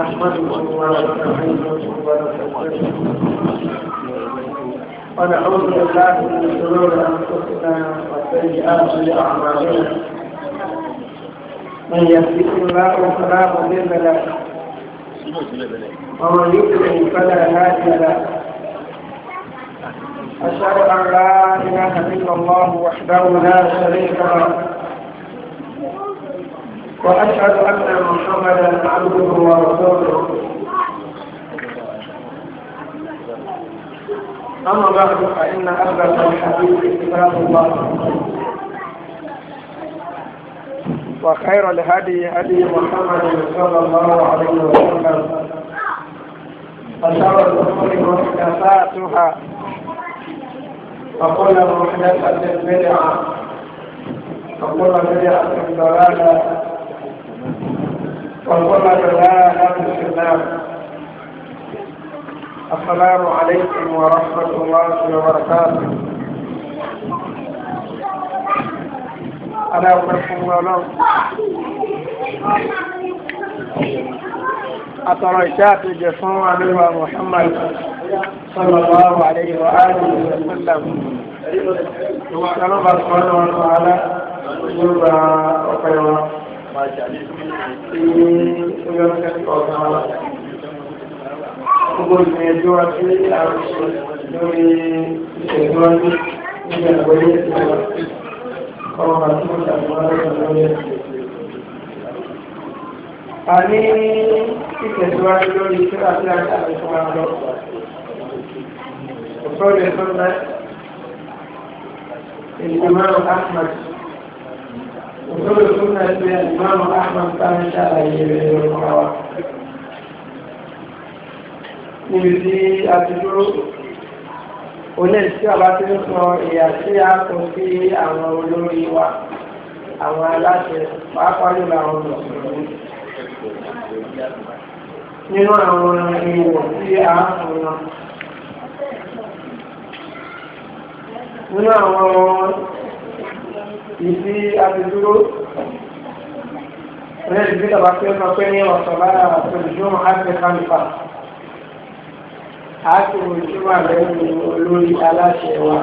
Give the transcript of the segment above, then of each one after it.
نحمده ونستعينه ونستغفره ونعوذ بالله من شرور انفسنا وسيئات اعمالنا من يهده الله فلا مضل له ومن يضلل فلا هادي له أشهد أن لا إله إلا الله وحده لا شريك له وأشهد أن محمدا عبده ورسوله أما بعد فإن أبلغ الحديث كتاب الله وخير الهدي هدي محمد صلى الله عليه وسلم وشر الأمور محدثاتها وكل محدثة بدعة وكل بدعة ضلالة وظلم لا في النار السلام عليكم ورحمة الله وبركاته أنا أبركم ولو أترى الشاك الجسوم عليه محمد صلى الله عليه وآله وسلم كما قال سبحانه وتعالى يرضى وخيرا Gbogbo ìgbìyànjú wa tí a ń ṣe lórí ìṣẹ̀dúrà ní ìgbà ìwọlé ìṣẹ̀dúrà. Ọmọ àti mọ́ta ni wọ́n lọ́wọ́ lórí ẹ̀sìn. A ní ìtẹ̀síwájú lórí iṣẹ́ àti àṣà àti fún wa lọ. Òṣèré tó ń bẹ́ ìgbìmọ̀ òṣèlú súnà ti ìmáàmù Ahmad sáré ṣàlàyé rẹ̀ lọ́wọ́ wa. níbi tí a ti dúró olè tí a bá ti ń sọ ìyà tí a kò sí àwọn olórí wa àwọn aláṣẹ pàápàá jùlọ àwọn mùsùlùmí nínú àwọn ìwọ̀ tí a fún wọn nínú àwọn ìsí àtijúró rẹ̀ ti dídà bá fẹ́ sọ pé ní ọ̀sán lára àtẹ̀lẹ́sọ́mọ̀ àti kálífà àti ìjọba lẹ́yìn olórí aláṣẹ wa.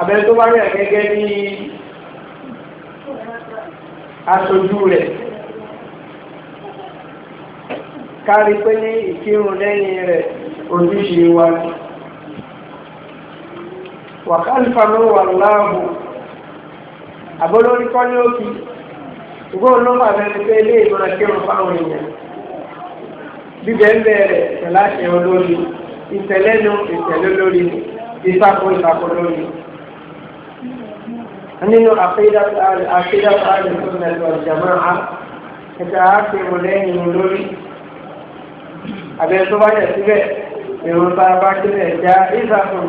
Abẹ́rẹ́ tó bá rẹ̀ gẹ́gẹ́ bí aṣojú rẹ̀ kárí pé ní ìkírun lẹ́yìn rẹ̀ ojúṣe wa wàkàlùfà ló wà láàbù àbólórí kọ́ ní òkì ṣùgbọ́n ló wà lẹ́nu pé ilé ìmọ̀ràn kírun fáwọn èèyàn bíbẹ̀ ń bẹ̀rẹ̀ pẹ̀lú àṣẹ olórí ìtẹ̀lẹ́nu ìtẹ̀lẹ́ lórí ìtakò ìtakò lórí. nínú àfihàn àlè tó mẹ́lẹ̀ ọ̀jàmọ́ a ẹ̀ka àkèrò lẹ́yìn olórí àbẹ̀ tó bá yẹ síbẹ̀ èrò bá bá kílẹ̀ já ìzàkùn.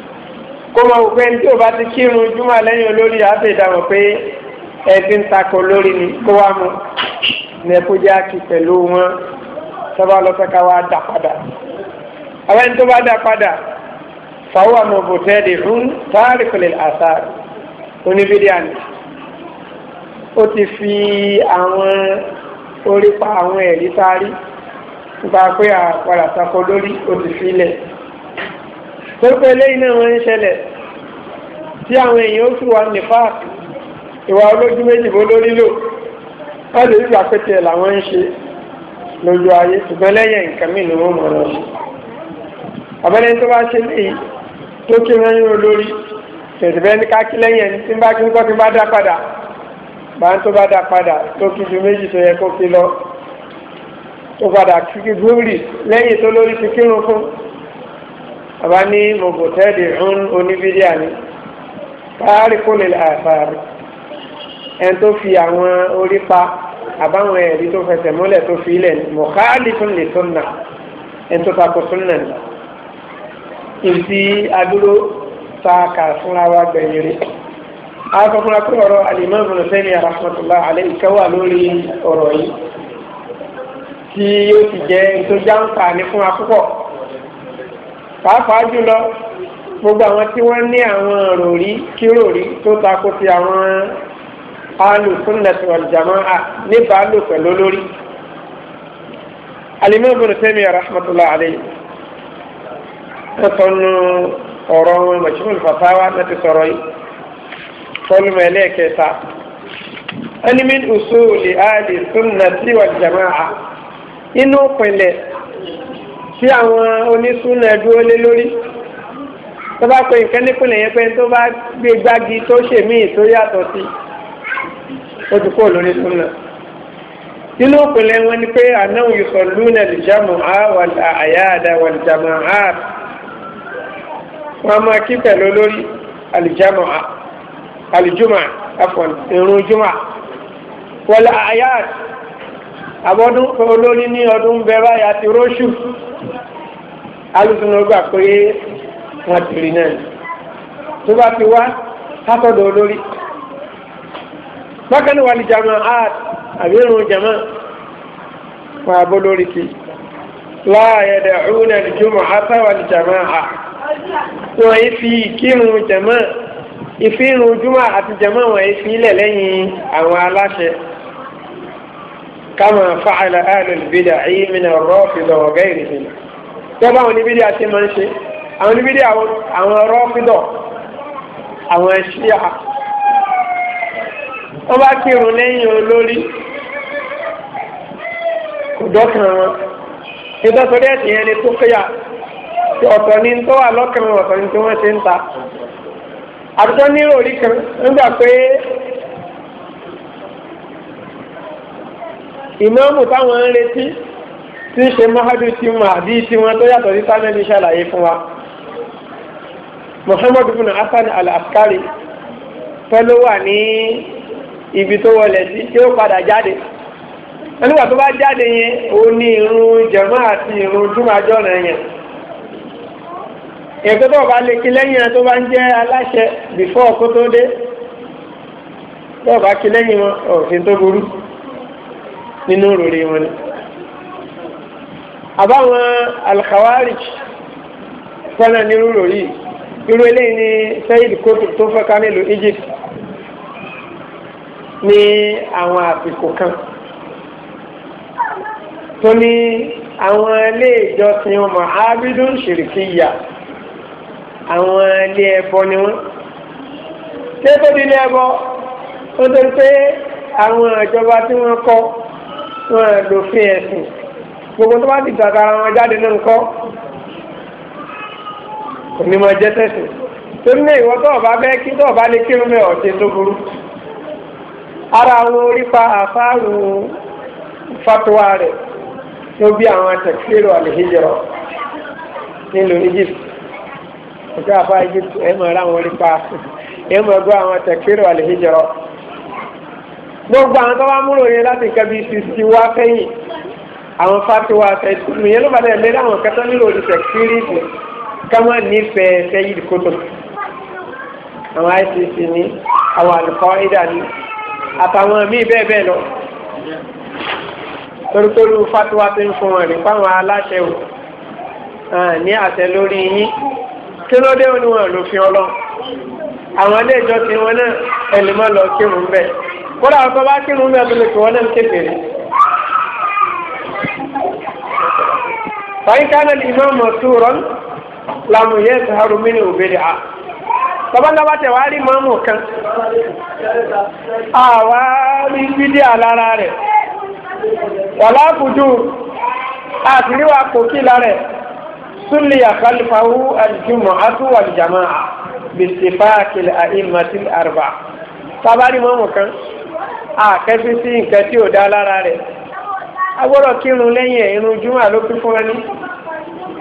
kó máa wùgbẹ́ ní tí o bá ti kírun júmọ̀ lẹ́yìn olórí àti pé ẹbí ń takò lórí ni kó wá mu ní ẹkú jẹ́ àti pẹ̀lú wọn sábà lọ́sẹ̀ká wá dà padà. àwọn ẹni tó bá dà padà fàwọn àmọ̀ bòtẹ́ẹ̀lì ń táàrí pẹ̀lẹ́ àṣà oníbídíàní. ó ti fi àwọn orí pa àwọn ẹ̀rí sáré nípa pé àpàlà takò lórí ó ti fi lẹ̀ torípé eléyìí náà wọ́n ń ṣẹlẹ̀ tí àwọn èèyàn ó sì wà nípa ìwà olójú méjì bó lórí lò wọ́n lè gbà pé tiẹ̀ làwọn ń ṣe lójú ayé ṣùgbọ́n lẹ́yìn nǹkan mí ni wọ́n mọ̀ ọ́ ṣe abẹ́lẹ́ tó bá ṣe léyìí tó kí wọ́n yín olórí tẹ̀síbẹ́ ní káàkiri lẹ́yìn ẹni tí ń bá kí nǹkan tí bá dá padà bá ń tó bá dá padà tó kí ju méjì tó yẹ kó fi lọ tó padà kí gbúrì lẹ́yìn tó lórí ti kírun fún bàbá ní mọ̀gòtẹ́ẹ̀dì ń oníbíríà ni káàrí kò lè àfààrí ẹni tó fi àwọn orí pa àbáwọn ẹ̀rí tó fẹsẹ̀ múlẹ̀ tó fi ilẹ̀ mọ̀káàlì tún lè tún nà ẹni tó takò tún nà nà ìdí adúró ta kà fúnra wa gbẹ̀yìn rí akọkùnrin akọ ọ̀rọ̀ alimami bin sẹni arahmatullah alẹ ìkẹwà lórí ọ̀rọ̀ yìí tí yóò ti jẹ tó jáǹfààní fún akókò pàápàá jùlọ gbogbo àwọn tí wọ́n ní àwọn ròrí kíròrí tó tako ti àwọn alùsùnnàtì wal jàmáà níbàálò pẹ̀lú lórí. alimọ́ ibn Taymiyyah rahmatullah alayhi ẹ̀tọ́nu ọ̀rọ̀ wọn majmul fatawa láti sọ̀rọ̀ yìí fọlùmọ̀ ẹlẹ́ẹ̀kẹta ẹni min usuli alùsùnnàtì wal jàmáà inú pẹ̀lẹ́ tí àwọn onísúnà dúró lé lórí tó bá pe nǹkan nípìnlẹ̀ yẹn pé tó bá gbé gbági tó ṣe míì tó yàtọ̀ sí ó ti kó lórí súnà nínú òpìlẹ̀ wọn ni pé anáwó yusalluna lìjàmù àwọn àyáàdá wal jama'at wọn máa kí pẹ̀lú lórí alìjàmù alìjùmà afọ̀n ìrun jùmà wal àyáàd àbọ̀dún olórí ní ọdún bẹ́ẹ̀ báyà ti róṣù alùpùpù náà gbà pé wọ́n ti rí náà tó bá ti wá sátọ̀dọ̀ olórí bákan náà wà ní jama art àbí irun jama wà bó lórí kì láàyè dẹ̀ ọ̀hún ẹ̀ jùmọ̀ àtàwà ní jama a wọ́n yìí fi kírun jama ìfihàn juma àti jama wọ́n yìí fi ilẹ̀ àwọn aláṣẹ kama fa'ala ahlul bid'ah min ar-rafida gẹ́gẹ́ báwọn oníbídìí àti máa ń ṣe àwọn oníbídìí àwọn rọ́fídọ̀ àwọn ṣíà wọ́n bá kírun lẹ́yìn olórí kò dọ́kàn wọn nítorí sọ́dọ̀ ẹ̀sìn yẹn ni tó fẹ́yà tí ọ̀tọ̀ ni tó wà lọ́kàn wọn ọ̀tọ̀ ni tí wọ́n ṣe ń ta àtúntò nírò orí kan nígbà pé ìmáàmù táwọn ń retí tí ń ṣe mahadu tí wọn àbí tí wọn tó yàtọ̀ sí sálẹ́ni ṣàlàyé fún wa muhammad bin hasan al-askari pẹ̀lú wà ní ibi tó wọlé sí tí ó padà jáde nígbà tó bá jáde yẹn ó ní irun jẹ̀mọ́ àti irun jùmọ̀jọ́ rẹ̀ yẹn èkó tó bá lè kí lẹ́yìn tó bá ń jẹ́ aláṣẹ bìfọ́ kó tó dé tó bá kí lẹ́yìn wọn òfin tó burú nínú òròrí wọn ni àbáwọn alkhawarij fọ́nà nírú ròyìn irú eléyìí ni Sayyid Qutb tó fẹ́ ká nílùú Egypt ní àwọn àsìkò kan tó ní àwọn ilé ìjọsìn ọmọ abidun ṣìrìkìyà àwọn ilé ẹbọ ni wọn ṣé tó di ilé ẹbọ ó tó ń pé àwọn ìjọba tí wọn kọ wọn lòfin ẹsìn gbogbo tó bá ti tàkàrà wọn jáde náà ńkọ́ onímọ̀ jẹ́ tẹ̀sán torí náà ìwọ tó ọba bẹ́ kí tó ọba lè kírun mẹ́ ọ̀tẹ́ tó burú ara àwọn orípa àfáàrù fatuwa rẹ̀ tó bí àwọn tẹ̀síìrò àlèhíjọ nílùú Egypt ọjọ́ àfa Egypt ẹ̀ mọ̀ ra àwọn orípa ẹ̀ mọ̀ gbọ́ àwọn tẹ̀síìrò àlèhíjọ gbogbo àwọn tó bá múrò láti nǹkan bíi wá fẹ́yìn àwọn fatiwa fẹsùn yẹn ló bá dẹ̀ lérí àwọn kẹtọ́ nílò oníṣẹ́ kírìtì kámọ́ nífẹ̀ẹ́ sẹ́yìn kótó àwọn icc ní àwọn àlùkọ́ ìdá ní àtàwọn míì bẹ́ẹ̀ bẹ́ẹ̀ lọ torítorí fatiwa ti ń fún wọn rí fáwọn aláṣẹ o ní àṣẹ lórí yín kí ló dé òní wọn lòfin ọlọ àwọn ilé ìjọsìn wọn náà ẹlẹmọ lọ kírun bẹ́ẹ̀ kódà ọkọ bá kírun bẹ́ẹ̀ tó lè kí wọn náà kékeré. fàyín kánà ní imam mọ̀túrọ̀n làmù yẹn ti haru mí ní òbèrè à. babaláwa tẹ wàá rí mọ́mù kan àwa rí fídíò alára rẹ̀ wàlá àbùdù àtìríwá kòkí lára súnlẹ̀ àkàlùfàwù àlùjùmọ̀ àtúwà àlùjàmọ́ bìsìfà kìlẹ̀ àìmọ̀tì àrùbà. sábà rí mọ́mù kan àkẹ́fí sí nǹkan tí ò dá lára rẹ̀. agbọ́dọ̀ kírun lẹ́yìn irun ló kún fún ẹni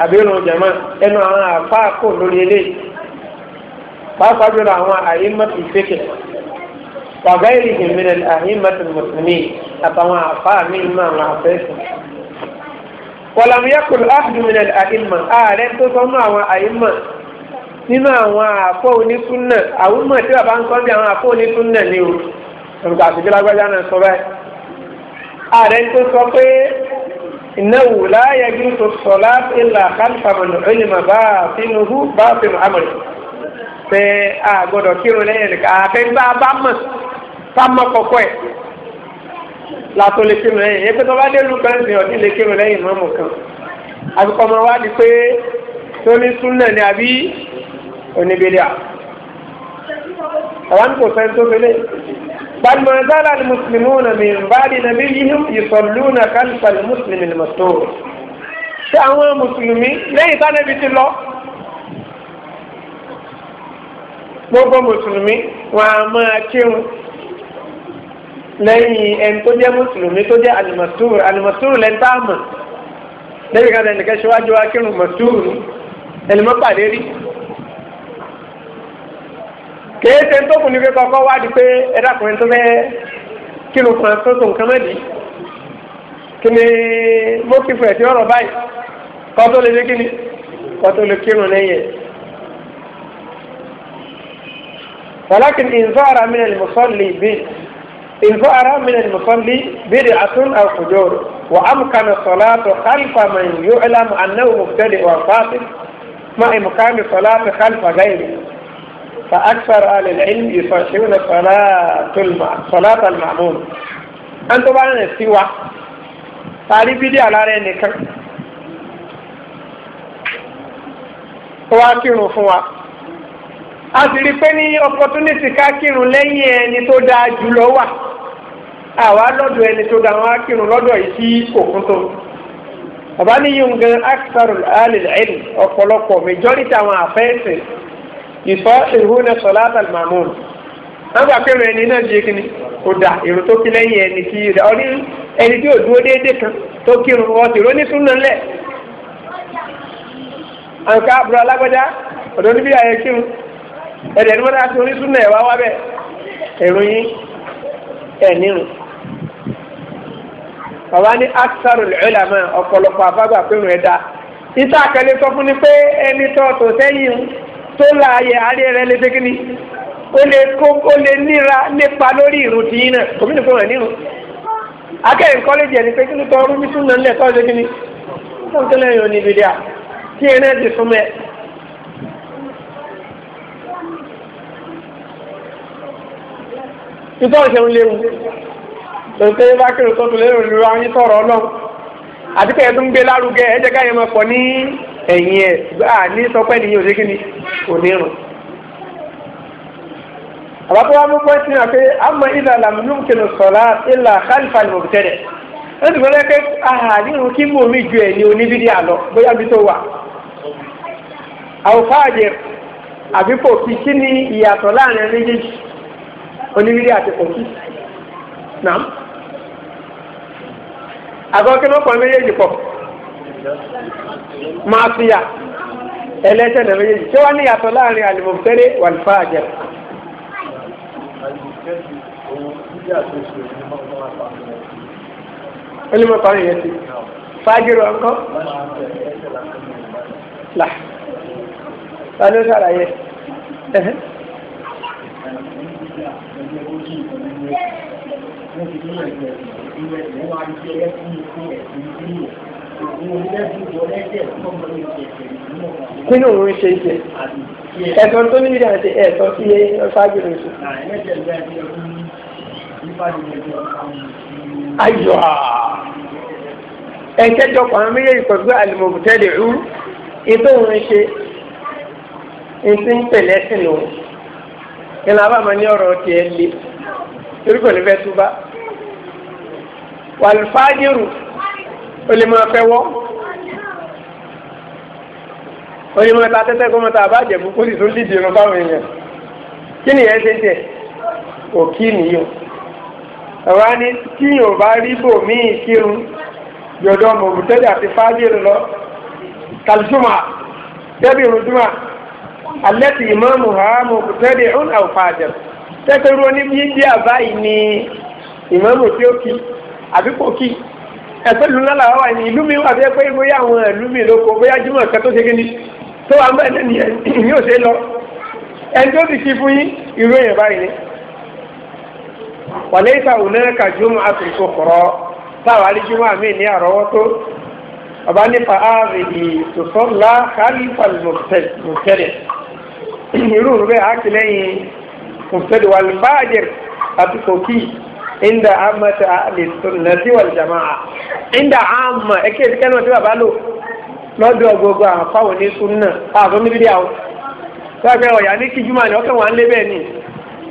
àbí irun jàmá ẹnu àwọn àfáà kò lórí eléyìí pàápàá jùlọ àwọn àyímọ̀tò ìfẹ́kẹ̀ bàbá ìrìhìn mìíràn àyímọ̀tò mùsùlùmí àtàwọn àfáà míì àwọn àfẹ́sùn. wàlàmúyàkùn áàdùn mìíràn àyímọ̀ ààrẹ tó sọnù àwọn àyímọ̀ nínú àwọn àfọ onísúnnà àwọn mọ̀ tí bàbá ń kọ́ bí ààrẹ tó sọ pé ìnáwó láàyè gírísọ sọlá ìlà kálífàmọ̀nù ìlìmọ̀ bá tinubu bá tinubu amọ̀ pé a gbọ́dọ̀ kírun lẹ́yìn nìkan àfẹ́ńtà bá mọ̀ tá mọ̀ kọ̀kọ́ ẹ̀ látó lè kírun lẹ́yìn yẹn pé tó bá dé lu kẹ́ńtì ọ̀dí lè kírun lẹ́yìn mọ́mù kan àbíkọ́ ọmọ wa di pé tó ní súnà ni àbí oníbẹ̀lẹ̀ àwọn kò sẹ́ni tó fẹ́lẹ́. بل ما زال المسلمون من بعد نبيهم يصلون خلف المسلم المستور ṣé àwọn mùsùlùmí lẹ́yìn tánẹ́bí ti lọ gbogbo mùsùlùmí wọn a máa kírun lẹ́yìn ẹni tó jẹ́ mùsùlùmí tó jẹ́ alimọ̀túrù alimọ̀túrù lẹ́ni tá a mọ̀ lẹ́yìn kan lẹ́nìkan ṣíwájú wa kírun mọ̀túrù ẹni mọ́ pàdé rí kéèké tó kù ní pé kọ́kọ́ wá di pé ẹ̀dá kan tó fẹ́ kí ló kan tó tó nǹkan mẹ́lì kí ni mo kí fún ẹ̀sìn ọ̀rọ̀ báyìí kọ́ tó lè dé kí ni kọ́ tó lè kírun lẹ́yìn ẹ̀. ولكن إن ظهر من المصلي به إن ظهر من المصلي بدعة أو فجور وأمكن الصلاة خلف من يعلم أنه مبتدئ وفاسد مع إمكان الصلاة خلف غيره فأكثر أهل العلم يصححون صلاة المع... صلاة المأمون أنت بعد السوى تعالي بدي على رأيك wá kírun fún wa a sì rí i pé ní opportunity ká kírun lẹ́yìn ẹni tó dáa jù lọ wà àwa lọ́dọ̀ ẹni tó dáa wá kírun lọ́dọ̀ yìí sí òkun tó bàbá níyìí ń gan akitaro alẹ́ ẹ̀lì ọ̀pọ̀lọpọ̀ majority àwọn àfẹ́sẹ̀ ìfọ́ ìhúnẹ sọlá àtàlùmọ̀mù wọn gbà pé ẹni náà di kíni kò dà èrò tó kí lẹ́yìn ẹni tí ó dà ọ ní ẹni tí ò dúró déédéé kan tó kírun wọn ti rọ́ ní súnmọ́ lẹ̀ àǹkà àbúrò alágbájá ọ̀dọ́ níbí ayé kírun ẹ̀dẹ̀ ni wọ́n dá sí orí súnmọ́ ẹ̀ wá wá bẹ́ẹ̀ èrò yín ẹ̀ nírun bàbá ní aksaru lẹ́lẹ́mà ọ̀pọ̀lọpọ̀ àfágbà pé ẹ̀dá ìta sọ fún ni pé ẹni tó tó sẹ́yìn tó láàyè àárẹ̀ rẹ̀ lè ṣe kí o ó lè kó ó lè níra nípa lórí ìrùn tì í náà gómìnà kò rẹ̀ nírun akẹ́yìn kọ́lẹ́jì ẹni pé kí ló tọ́ rúbí súnmọ́ ńlẹ̀ tọ́ ṣe kí ni tó ń tẹ́lẹ̀ yóò níbi díà kí ẹ náà ti súnmọ́ ẹ. títọ́ ìṣẹ́un léwu lọ́sẹ̀ bá kéré tó tún lérò lórí àwọn yìí sọ̀rọ̀ ọlọ́run àti pé ẹ tún gbé lárugẹ ẹ jẹ́ máa pọ̀ ní ẹ̀yìn ẹ̀ gbáà ní sọpẹ́ nìyí ò ṣégin ni kò ní rùn. àbá tó wá mú pọ́ńtì náà pé àmọ́ ìlà làmúlùm kìlọ̀ sọ̀lá ìlà kálífà ni mo tẹ̀lẹ̀ ó sì fẹ́ pé àhàdínrún kí mò mí ju ẹ̀ ní oníbídí àlọ́ bóyá bí tó wà. àwòfáàjẹ àbí pòkì kí ni ìyàtọ̀ láàrin méjèèjì oníbídí àti pòkì náà. àgọ́ kí ló pọ̀ méjèèjì pọ̀. máa fi yà ẹlẹ́sẹ̀ lẹ́mọ yẹn tí wọ́n ní yàtọ̀ láàrin àlùmọ̀tẹ́rẹ́ wàlúfà àjẹ. olùmọ̀ pàrọ̀ yẹn ti fàájìrò ọkọ là ta ló ṣàlàyé wọ́n ti ní ẹ̀jẹ̀ ìwé ìwọ́n á ń ṣe ẹ̀sìn ìpínlẹ̀ ìpínlẹ̀ kí ni òun ṣe ṣe ẹ̀sán tó níbi dáhùn ṣe ẹ̀sán sí ṣáájú rẹ̀ ṣe. ayọ̀ ẹ̀kẹ́jọ kan méjèèjì pẹ̀lú àlùmọ̀bùtẹ́lẹ̀ rú ètò òun ṣe ètò ń tẹ̀lé sínú ìlànà àbámọ́ ní ọ̀rọ̀ tiẹ̀ lé torí kò ní fẹ́ túbá wàlúfáàdìrù ó lè máa fẹ́ wọ́ ó lè máa ta tẹ́tẹ́ kó máa ta àbájẹ̀ kókó sì tún dìde irun fáwọn èèyàn kí nìyẹn ṣe tiẹ̀ kò kí nìyẹn àwa ni tí yóò bá rí bò míì kírun yọ̀dọ̀ mọ̀gùtẹ́lẹ̀ àti fáájìrì lọ kàlùjùmọ̀ tẹ́bí rùjùmọ̀ alẹ́ tí ìmọ̀ọ́mù ha mọ̀gùtẹ́lẹ̀ ọ̀nà òfàjẹ̀ tẹ́tẹ́rú oníbíyí bí àbáyìí ni ìmọ̀ọ́mù tí ó kí àbí kò kí ẹ̀pẹ́ ìlú ńlá làwọn wà ní ìlú mi wà fẹ́ pé bóyá àwọn ìlú mi ló kó bóyá júmọ̀ kan tó ṣe kí ni tó wà ń bẹ̀ lẹ́nu yẹn ní òṣè lọ ẹni tó ti ṣe fún yín irú èèyàn báyìí ni. wàlẹ́ ìta òun náà kà júmọ̀ àtúntò kọ̀rọ̀ táwa rí júmọ̀ àmì ní àrọ́wọ́tó ọba nípa ààrẹ ìtòsọ́ ńlá kálífà mùtẹ́lẹ̀ irú rẹ̀ àkìlẹ́yìn mùtẹ́lẹ̀ wàlúbáàjẹ̀ àti inda amata ahli sunnati wal jamaa inda ama eke ti kẹnu ti baba lo lọ́dọ̀ gbogbo àwọn fáwọn ní sunna fáwọn níbi dí àwọn sọgbẹ ọyà ní kí juma ni ọkàn wà ń lé bẹ́ẹ̀ ni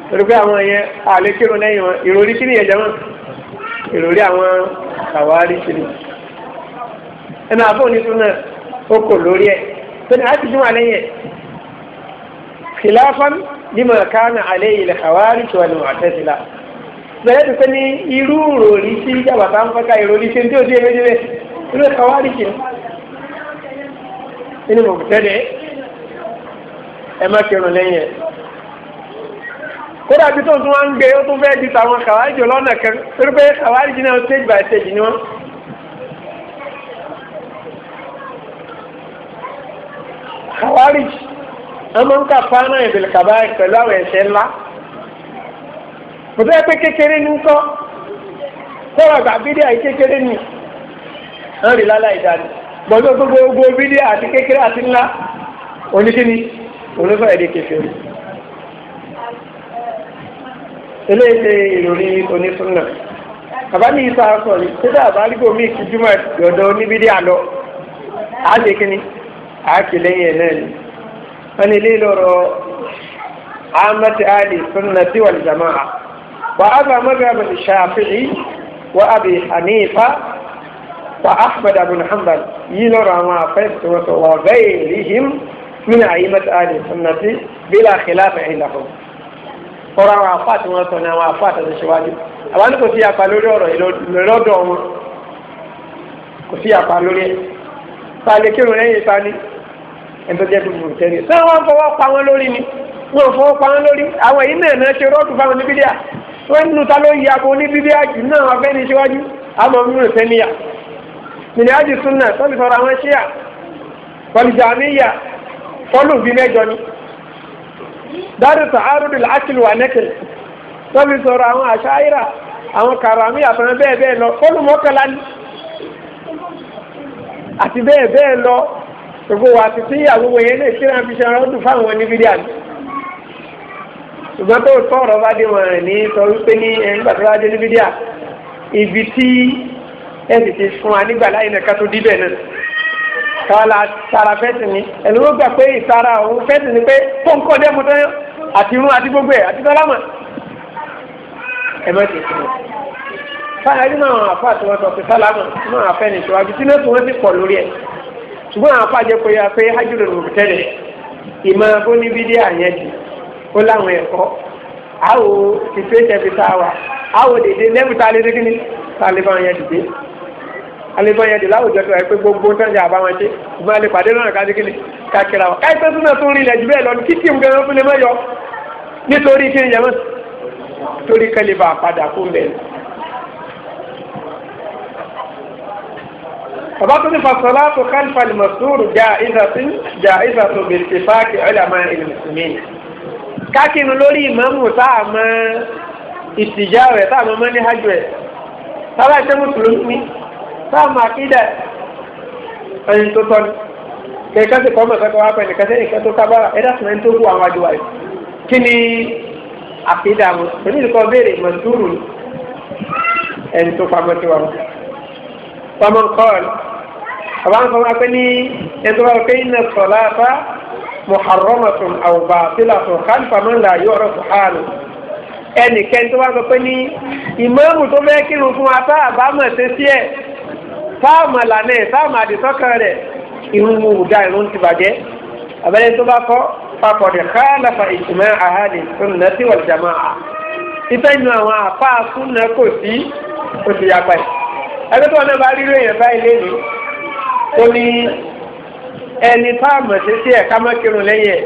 torí pé àwọn yẹn àlè kírun lẹ́yìn wọn ìròrí kí nìyẹn jẹun ìròrí àwọn àwárí kiri ẹnu àbọ ní sunna ó kò lórí ẹ tóni àti juma lẹ́yìn ẹ khilafan lima kana alayhi al-khawarij wal mu'tazila bẹ̀rẹ̀ tó pé ní irú ìròrí sí jàbàtà ń fẹ́ka ìròrí ṣe tí ó di èmi débẹ̀ irú ẹ̀ka wá rí kìí nínú mọ̀ tẹ́lẹ̀ ẹ má kírun lẹ́yìn ẹ̀ kódà bí tó tún wá ń gbé ó tún fẹ́ di tàwọn kàwájì lọ́nà kan torí pé kàwájì náà stage by stage ni wọ́n. kàwájì wọ́n máa ń kà fáánà ìbìlì kàbáyé pẹ̀lú àwọn ẹ̀ṣẹ̀ ńlá kò tó yẹ pé kékeré ní kọ́ kọ́ra àgbà bídíà yìí kékeré ní ń rí lálá ìdáni gbọ́dọ̀ gbogbo gbogbo bídíà àti kékeré àti ńlá oníkíní olófẹ́ èdè kékeré eléyìí ìròyìn onísúnnà bàbá ní ìta sọ yìí kódà àbálígbò mí ìkíjúmọ̀ yọ̀dọ̀ oníbídíà lọ àá ṣe kíní àá kì lẹ́yìn ẹ̀ náà ni wọ́n ní ilé lọ́rọ̀ àmọ́tí àdì sunnati wal jama'a. وأبى مذهب الشافعي وأبي حنيفة وأحمد بن حنبل يلرى ما فسوة وغيرهم من أئمة أهل السنة بلا خلاف عندهم ọ̀rọ̀ àwọn àfáà tí wọ́n sọ ní àwọn àfáà tó ti ṣíwájú àwọn ní kò sí apá lórí ọ̀rọ̀ lọ́dọ̀ wọn kò sí apá lórí ẹ̀ sàlẹ̀ kírun lẹ́yìn sani ẹni tó jẹ́ gbogbo tẹ́lẹ̀ sọ wọn fọwọ́ pa wọn lórí ni wọn fọwọ́ pa wọn lórí àwọn yìí náà náà ṣe rọ́ọ̀tù fáwọn níbí díà wọ́n nínú ta ló ya bo ní bíbí àjù náà wọ́n fẹ́ ní síwájú àmọ́ mímú ìfẹ́ níyà mìíràn àjù súnà tọ́lù sọ̀rọ̀ àwọn ṣíà tọ́lù jàmíyà tọ́lù bí mẹ́jọ ni dáàdù sàárùdù làákìlù wà nẹ́kìl tọ́lù sọ̀rọ̀ àwọn àṣáyìrà àwọn kàràmì àtàwọn bẹ́ẹ̀ bẹ́ẹ̀ lọ tọ́lù mọ́kànlá ni àti bẹ́ẹ̀ bẹ́ẹ̀ lọ gbogbo wa ṣùgbọ́n tó tọ̀rọ̀ bá dé wọn ní sọ wípé ní nígbà tó bá dé níbi díà ibi tí ẹ sì ti fún wa nígbà láyé nìkan tó díbẹ̀ náà káwọn tara fẹ́sì ni ẹ̀lú ó gbà pé ìtara òun fẹ́sì ni pé tó ń kọ́ dé mu tán àti irun àti gbogbo ẹ̀ àti tọ́lámà ẹ má tètè mọ́ fáyà nínú àwọn àfa tí wọ́n sọ pé sálámà nínú àwọn afẹ́ ní ìṣòwò àti tí náà tí wọ́n ti pọ̀ lórí ẹ̀ ṣùgbọ́n àwọn afájẹ́ pé a pé hajj lòlù tẹ́lẹ̀ ìmọ̀ abóníbídé àyẹ̀dì ó láwọn ẹ̀kọ́ àwò situation ẹ̀fí tá a wà àwò dèdè lẹ́bù tá a lè dégbé ní tá a lè bá wọn yẹn dìde a lè bá wọn yẹn dìde láwùjọ tó ẹ pé gbogbo sọ́njà àbáwọn ṣe ìgbọ́n a lè pàdé lọ́nà ká dégbé ní ká kíra káyọ̀ tó túnbọ̀ tó ń rí ilẹ̀ jù bẹ́ẹ̀ lọ ní kíkì nǹkan ló fún lè mọ́yọ nítorí kí ni yẹmọ́ torí kẹ́lẹ́ bá a padà kó mẹ́rin. فبطن فالصلاة خلف المسرور جائزة جائزة باتفاق علماء المسلمين kákínú lórí ìmáàmù sáàmọ́ ìtìjà rẹ̀ sáàmọ́ mọ́ní hajj rẹ̀ sábà ìṣẹ́ mùsùlùmí sáàmọ́ àkídà ẹni tó tọ́nu kẹ̀kẹ́ sì kọ́ mọ̀ kẹ́kọ̀ọ́ wá pẹ̀lú kẹ́sẹ́ ìkẹ́ kábàrà ẹ̀dá sì mẹ́ni tó kú àwọn àjò àyè kí ni àkídà mu èmi nìkan béèrè mọ̀túrù ẹni tó pamọ́ sí wa mọ́ pamọ́ kọ́ọ̀lù ọ̀bá ń sọ wá pé ní ẹni tó bá wọ muharramatun aw batilatun kálífà máa ń la yọ ọ̀rọ̀ fún hàlù ẹnìkẹ́ni tó bá sọ pé ní ìmáàmù tó fẹ́ kírun fún wa tá a bá mọ̀ ṣe sí ẹ̀ táàmù àlànà ẹ̀ táàmù àdìsọ́kàn rẹ̀ irun mu ò dá irun ti bàjẹ́ abẹ́rẹ́ tó bá kọ́ papọ̀dé káàlàfà ìjìmọ̀ àhálì sunnati wal jamaa ìfẹ́ nu àwọn àpá súnà kò sí oṣù yàgbà ẹ̀ ẹgbẹ́ tó wọn náà bá rí ìròyìn báyìí lé ní ó ní ẹni tá a mọ̀ sí sí ẹ̀ka mọ́kìrún lẹ́yìn ẹ̀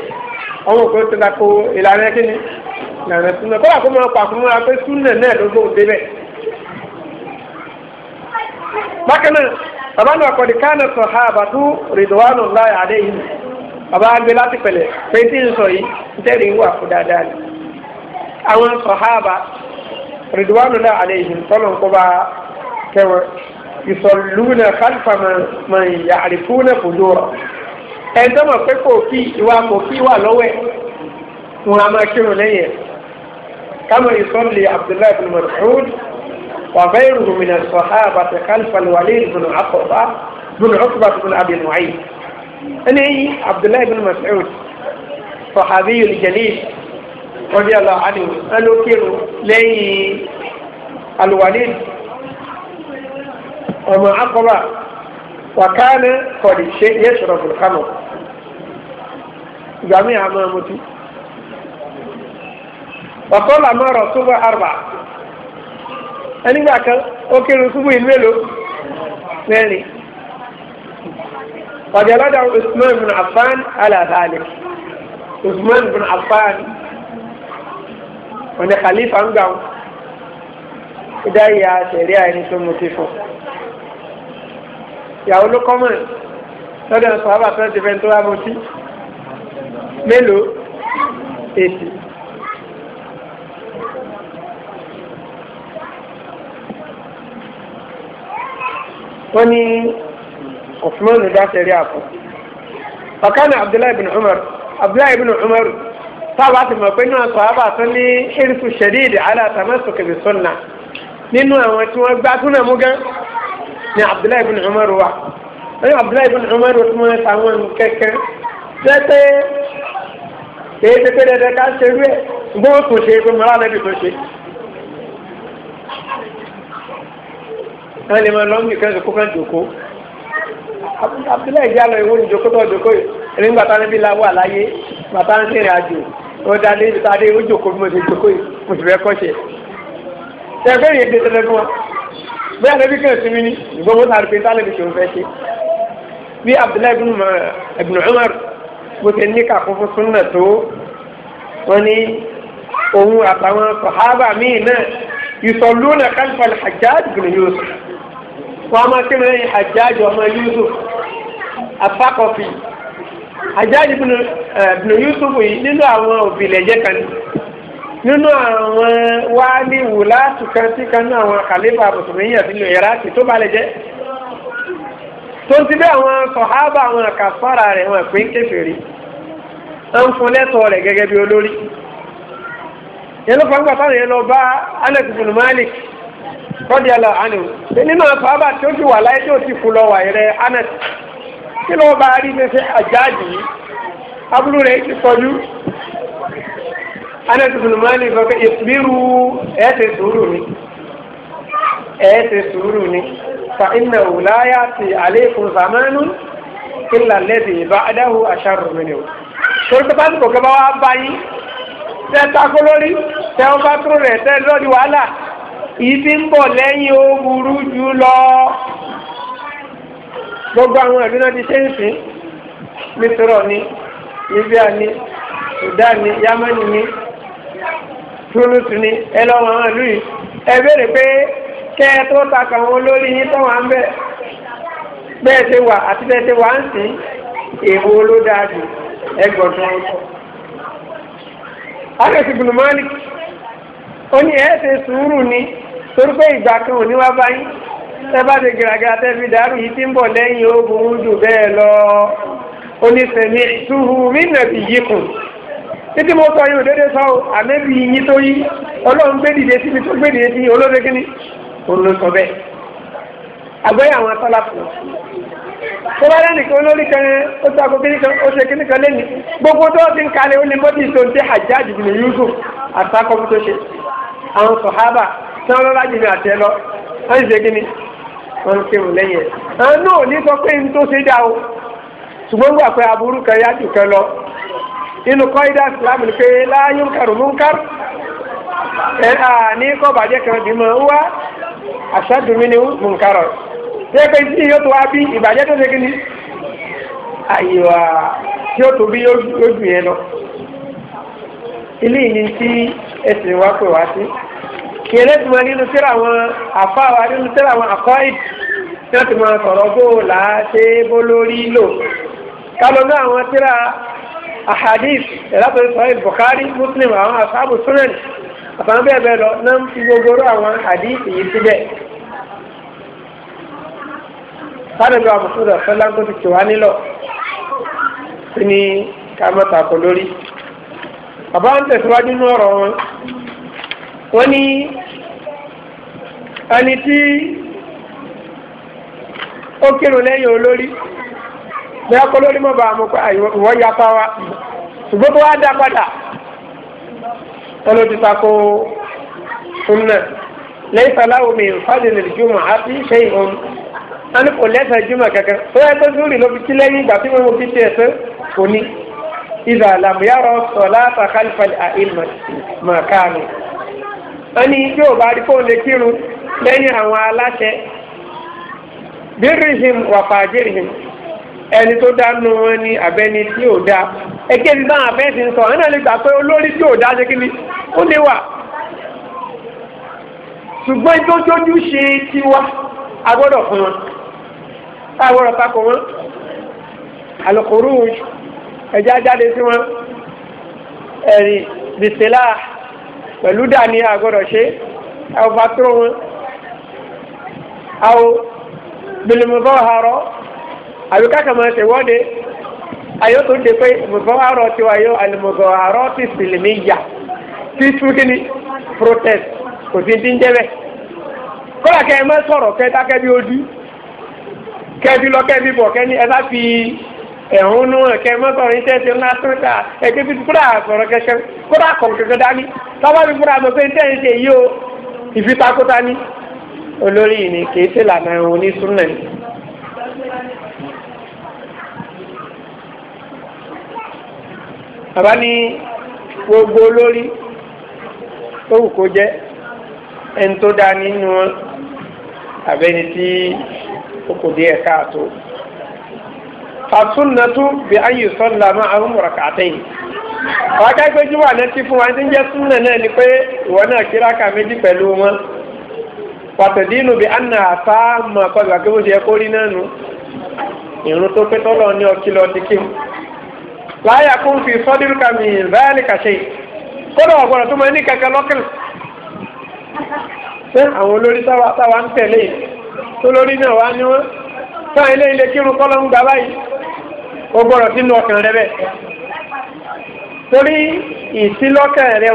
ọmọ òkú tó dako ìlànà kíni ìlànà súnà kó àkómọ pàkómọra pé súnà náà ló gbóhùn débẹ̀. bákan náà bàbá náà kọ́ di káànà sọ ha àbàtú rìdíwánù láì àdé yìí bàbá gbé láti pẹ̀lẹ́ pé tí ń sọ yìí ń tẹ̀lé ń wà fún dáadáa ni. àwọn sọ ha àbá rìdíwánù láì àdé yìí tọ́lọ̀ ń kọ́ bá kẹwọn ìsọ̀lúnà kálífà mọ̀ ìyàrífúnà fòdúrà. ẹjọ́ mọ̀ pé kò fi ìwà kò fi wà lọ́wọ́ ẹ̀ wọn a máa kírun lẹ́yìn ẹ̀ kama ìsọ́lẹ̀ abdullahi bin mas'ud wà bẹ́ẹ̀ rúmìnà sọ̀há àbàtà kálífàlì wàlẹ́ ìbùnú àkọ́bá bùnú ọ̀túbà bùnú abinu ayé ẹni yìí abdullahi bin mas'ud sọ̀hábí yìí jẹlẹ wọ́n bí lọ àdìo ẹni ó kírun lẹ́yìn alwalid ọmọ àkọ́bá wà kánà kọ̀dí ṣe yẹ sọ̀rọ̀ bùnú kánò. ìgbà míì àmọ́ ọmọdé. ọ̀kọ́ làmọ́ ọ̀rọ̀ tó bá àrùbà ẹnìgbà kan ó kéré fún ìlú èlò mẹ́rin. ọ̀dẹ̀ lọ́dọ̀ Usman bin Affan alàbàlẹ̀ Usman bin Affan ọ̀nà khalifa ń gbà wọn ìdáyà sẹ̀rí àìní tó mú sí fún ìyàwó ló kọ́mọ̀ lọ́dọ̀ sọ̀rọ̀ àbàtàn ti mélòó èsì. wọ́n ní ọ̀fúnmọ́nù dáṣẹ̀rí àpò ọ̀kánà abdullahi bin umar abdullahi bin umar táwa ti mọ̀ pé náà sọ̀hábà tún ní hirisu shadid ala tamassuki bi sunna nínú àwọn tí wọ́n gbá túnà mú gan ni abdullahi bin umar wà wọ́n ní abdullahi bin umar wọ́n ti mọ̀ sáwọn kẹ́kẹ́ tẹ́tẹ́ kèé tètè dẹdẹ ká ṣe rú ẹ gbọ́n kò ṣe pé mo rálẹ́bí tó ṣe. wọ́n lè máa lọ ní ìkẹ́sì kó kàn jòkó Abdullahi Jalọ ìwọ ni jòkó tá níbi làwọ̀ àlàyé bàtà ń sìnrìn àjò ó dá dé ibi tá a dé ó jòkó bí mo ṣe jòkó yìí mo sì fẹ́ kọ́ṣẹ́. ẹgbẹ́ yìí dé tẹ́lẹ̀ fún wa bóyá lẹ́bí kàn sí mi ní ìgbọ́n mo sàrùpé sálẹ̀ mi ṣòro fẹ́ ṣe bí Abdullahi ibn Umar bó ṣe ní kàkúfú súnà tó wọn ní òun àtàwọn sọ̀hábà míì náà yusalluna khalfa al-Hajjaj ibn Yusuf wọn a máa kí ni Hajjaj ọmọ Yusuf apákọ̀fì Hajjaj ibn eh, Yusuf yìí nínú àwọn òbílẹ̀jẹ́ kan nínú àwọn wáálí wùláàtù kan tí kan náà àwọn kàlífà mùsùlùmí yàn sínú ìráàtì tó balẹ̀ jẹ́ tó ti bẹ́ àwọn sọ̀hábà àwọn kàfàrà rẹ̀ wọn pé ń kéfèé ń fún lẹ́tọ̀ọ́ rẹ̀ gẹ́gẹ́ bí olórí yẹn ló fọ́nkà táwọn yẹn lọ bá Anas ibn kọ́dí ala anu nínú àfàbà tí ó ti wà láyé tí ó ti kú lọ wà rẹ Anas kí ló bá rí ní fẹ́ àjáàjì abúlú rẹ̀ ti sọjú Anas ibn Malik sọ pé ìbírú ẹ̀ ṣe sùúrù ni ẹ̀ ṣe sùúrù ni fa inna la ya'ti alaykum zamanun ìlà lẹ́sìn ìbá adáhu àṣàrò mi ni o. torí pé pásítọ̀ kẹ́ bá wá bá yín tẹ́ tako lórí tẹ́ ọ bá kúrò rẹ̀ tẹ́ lórí wàhálà yìí ti ń bọ̀ lẹ́yìn ó burú jù lọ. gbogbo àwọn ìlú náà ti ṣe ń sìn mísírọ̀ ni libya ni sudan ni yamani ni tunis ni ẹ lọ́wọ́ àwọn ìlú yìí ẹ béèrè pé kẹ́ ẹ tó takà wọn yín tọ́wọ́n á ń bẹ̀. bẹ́ẹ̀ ṣe wà àti bẹ́ẹ̀ ṣe wà ń sìn èwo ló dáa jù ẹgbọ̀dún ọkọ̀. Anas ibn Malik ó ní ẹ ṣe sùúrù ni torí pé ìgbà kan ò ní wá bá ẹ bá ṣe gìràgìrà tẹ́ dàrú yìí tí ń bọ̀ lẹ́yìn ó jù bẹ́ẹ̀ lọ ó ní sẹ̀mí ìtúhu mí títí mo sọ yìí òdédé sọ ọ àmẹ́bí yín tó yí ọlọ́run gbé dìde síbi tó bá lẹ́nìkan olórí kan ó sako kíní kan ó ṣe kíní nìkan lẹ́nìí gbogbo tó ti ń kalẹ̀ ó ní Yusuf tí wọ́n lọ́la jìnnà ní sọ pé ṣe dá o ṣùgbọ́n gbà pé aburú kan yá jù kan lọ inú Islam ni pé láyún kàrún ṣé pé tí yóò tó wá bí ìbàjẹ́ tó ṣe kí ni àyèwà tí ó tó bí yóò jù yẹn lọ ilé ìní tí ẹsìn wa pè wá sí kí ẹlẹ́tì máa nínú síra àwọn àfa nínú síra àwọn àkọ́ ìdí wọ́n ti máa sọ̀rọ̀ bó là bó lórí lò kálọ̀ àwọn síra ahadith ìlàbẹ̀rẹ̀ sọ̀rọ̀ Bukhari Muslim àwọn asáàbù sunan àtàwọn bẹ́ẹ̀ bẹ́ẹ̀ lọ náà ń fi gbogbo àwọn hadith yìí síbẹ̀ sáré wa mùsùlùmí ọ̀fẹ́lá tó ti tìwá nílọ̀ sí ni ká má tako lórí. bàbá ń tẹ̀síwájú ní ọ̀rọ̀ wọn wọ́n ní ẹni tí ó kírun lẹ́yìn olórí bí a kọ́ lórí mọ́ bá a mọ̀ pé ìwọ ya pa wa ṣùgbọ́n tó wá dá padà wọ́n ló ti tako sunna lẹ́yìn sàláwò mi ìfàdé lè àti ṣe ìhun wọn kò lẹ́sẹ̀ jùmọ̀ kankan tó yẹ tó zúrì ló fi kí lẹ́yìn ìgbà tí mo fi tiẹ̀ tó kò ní. ìdá àlàmúyàrọ̀ sọ̀lá àtàkàlìfàlì àìmọ̀ màkàánù. wọ́n ní yóò bá rí fóun lè kírun lẹ́yìn àwọn aláṣẹ. bírìhìm wàfàjìrìhìm ẹni tó dánú wọn ni abẹ́ni tí ò dá. ẹgbẹ́ ti abẹ́ ti ń sọ ẹ̀ náà lè gbà pé olórí tí ò dá ṣe kí ni ó lè wà. ṣùgbọ́n ìtọ́jú ṣe tiwa agbọ́dọ̀ fún wọn táwọn ọ̀tá kò wọ́n alùkòrò ẹja jáde sí wọn ẹ̀rì bìsílà pẹ̀lú dání àgọ́dọ̀ ṣe àwọn bàtúrò wọn àwọn bìlìmùbọ̀ ọ̀hárọ̀ àbí kákàmọ́ ṣe wọ́de ayọ́ tó ṣe pé mùbọ̀ ọ̀hárọ̀ ti wáyé àlùmùbọ̀ ọ̀hárọ̀ ti sìlìmì yà tí túkìní protest kò sí dín jẹ́ bẹ́ẹ̀ kọ́lá kẹ́ ẹ má sọ̀rọ̀ kẹ́ dákẹ́ bí ó dí kẹ́bí lọ kẹ́bí bọ̀ kẹ́ni ẹ bá fi ẹ̀hónú ẹ̀kẹ́ mọ́tọ̀rin tẹ́tẹ́ ńlá sọ́ta ẹ̀kẹ́ fi kúrà sọ̀rọ̀ kẹ́kẹ́ kúrà kọ̀ kẹ́kẹ́ dání tọ́wọ́ fi kúrà sọ pé tẹ́yìn ṣe yí o ìfitakóta ní olórí yìí ni kìí ṣe lànà ẹ̀hún ní súnà ní. bàbá ní gbogbo olórí tó wù kó jẹ́ ẹni tó dá nínú abẹ́ni tí ó kò díẹ̀ káàtó. àsúnnàtú bí ayé sọ́lá máa àwọn mọ̀rọ̀ kàtẹ́yìn. wọ́n á kágbé jùmọ̀ àná tí fún wa ní jẹ́ súnnà náà ni pé ìwọ náà kíra ká méjì pẹ̀lú wọn. pàtẹ́dínú bí anna àtà mọ̀ kọ́ ìgbà kí mo ṣe kórí náà nù. ìrún tó pé tọ́lọ̀ ní o lọ ti kí mu. láyà kún fi sọ́dúnkà mi báyà ní kàṣe kódà ọ̀gbọ̀n tó máa ní kankan lọ́kàn. ṣé àwọn olórí táwa ń tẹ̀lé yìí tó lórí náà wá ní wọn fún ilé ilé kírun kọ́ ń gbà báyìí ó gbọ́dọ̀ sínú ọkàn rẹ bẹ́ẹ̀ torí ìsílọ́kàn rẹ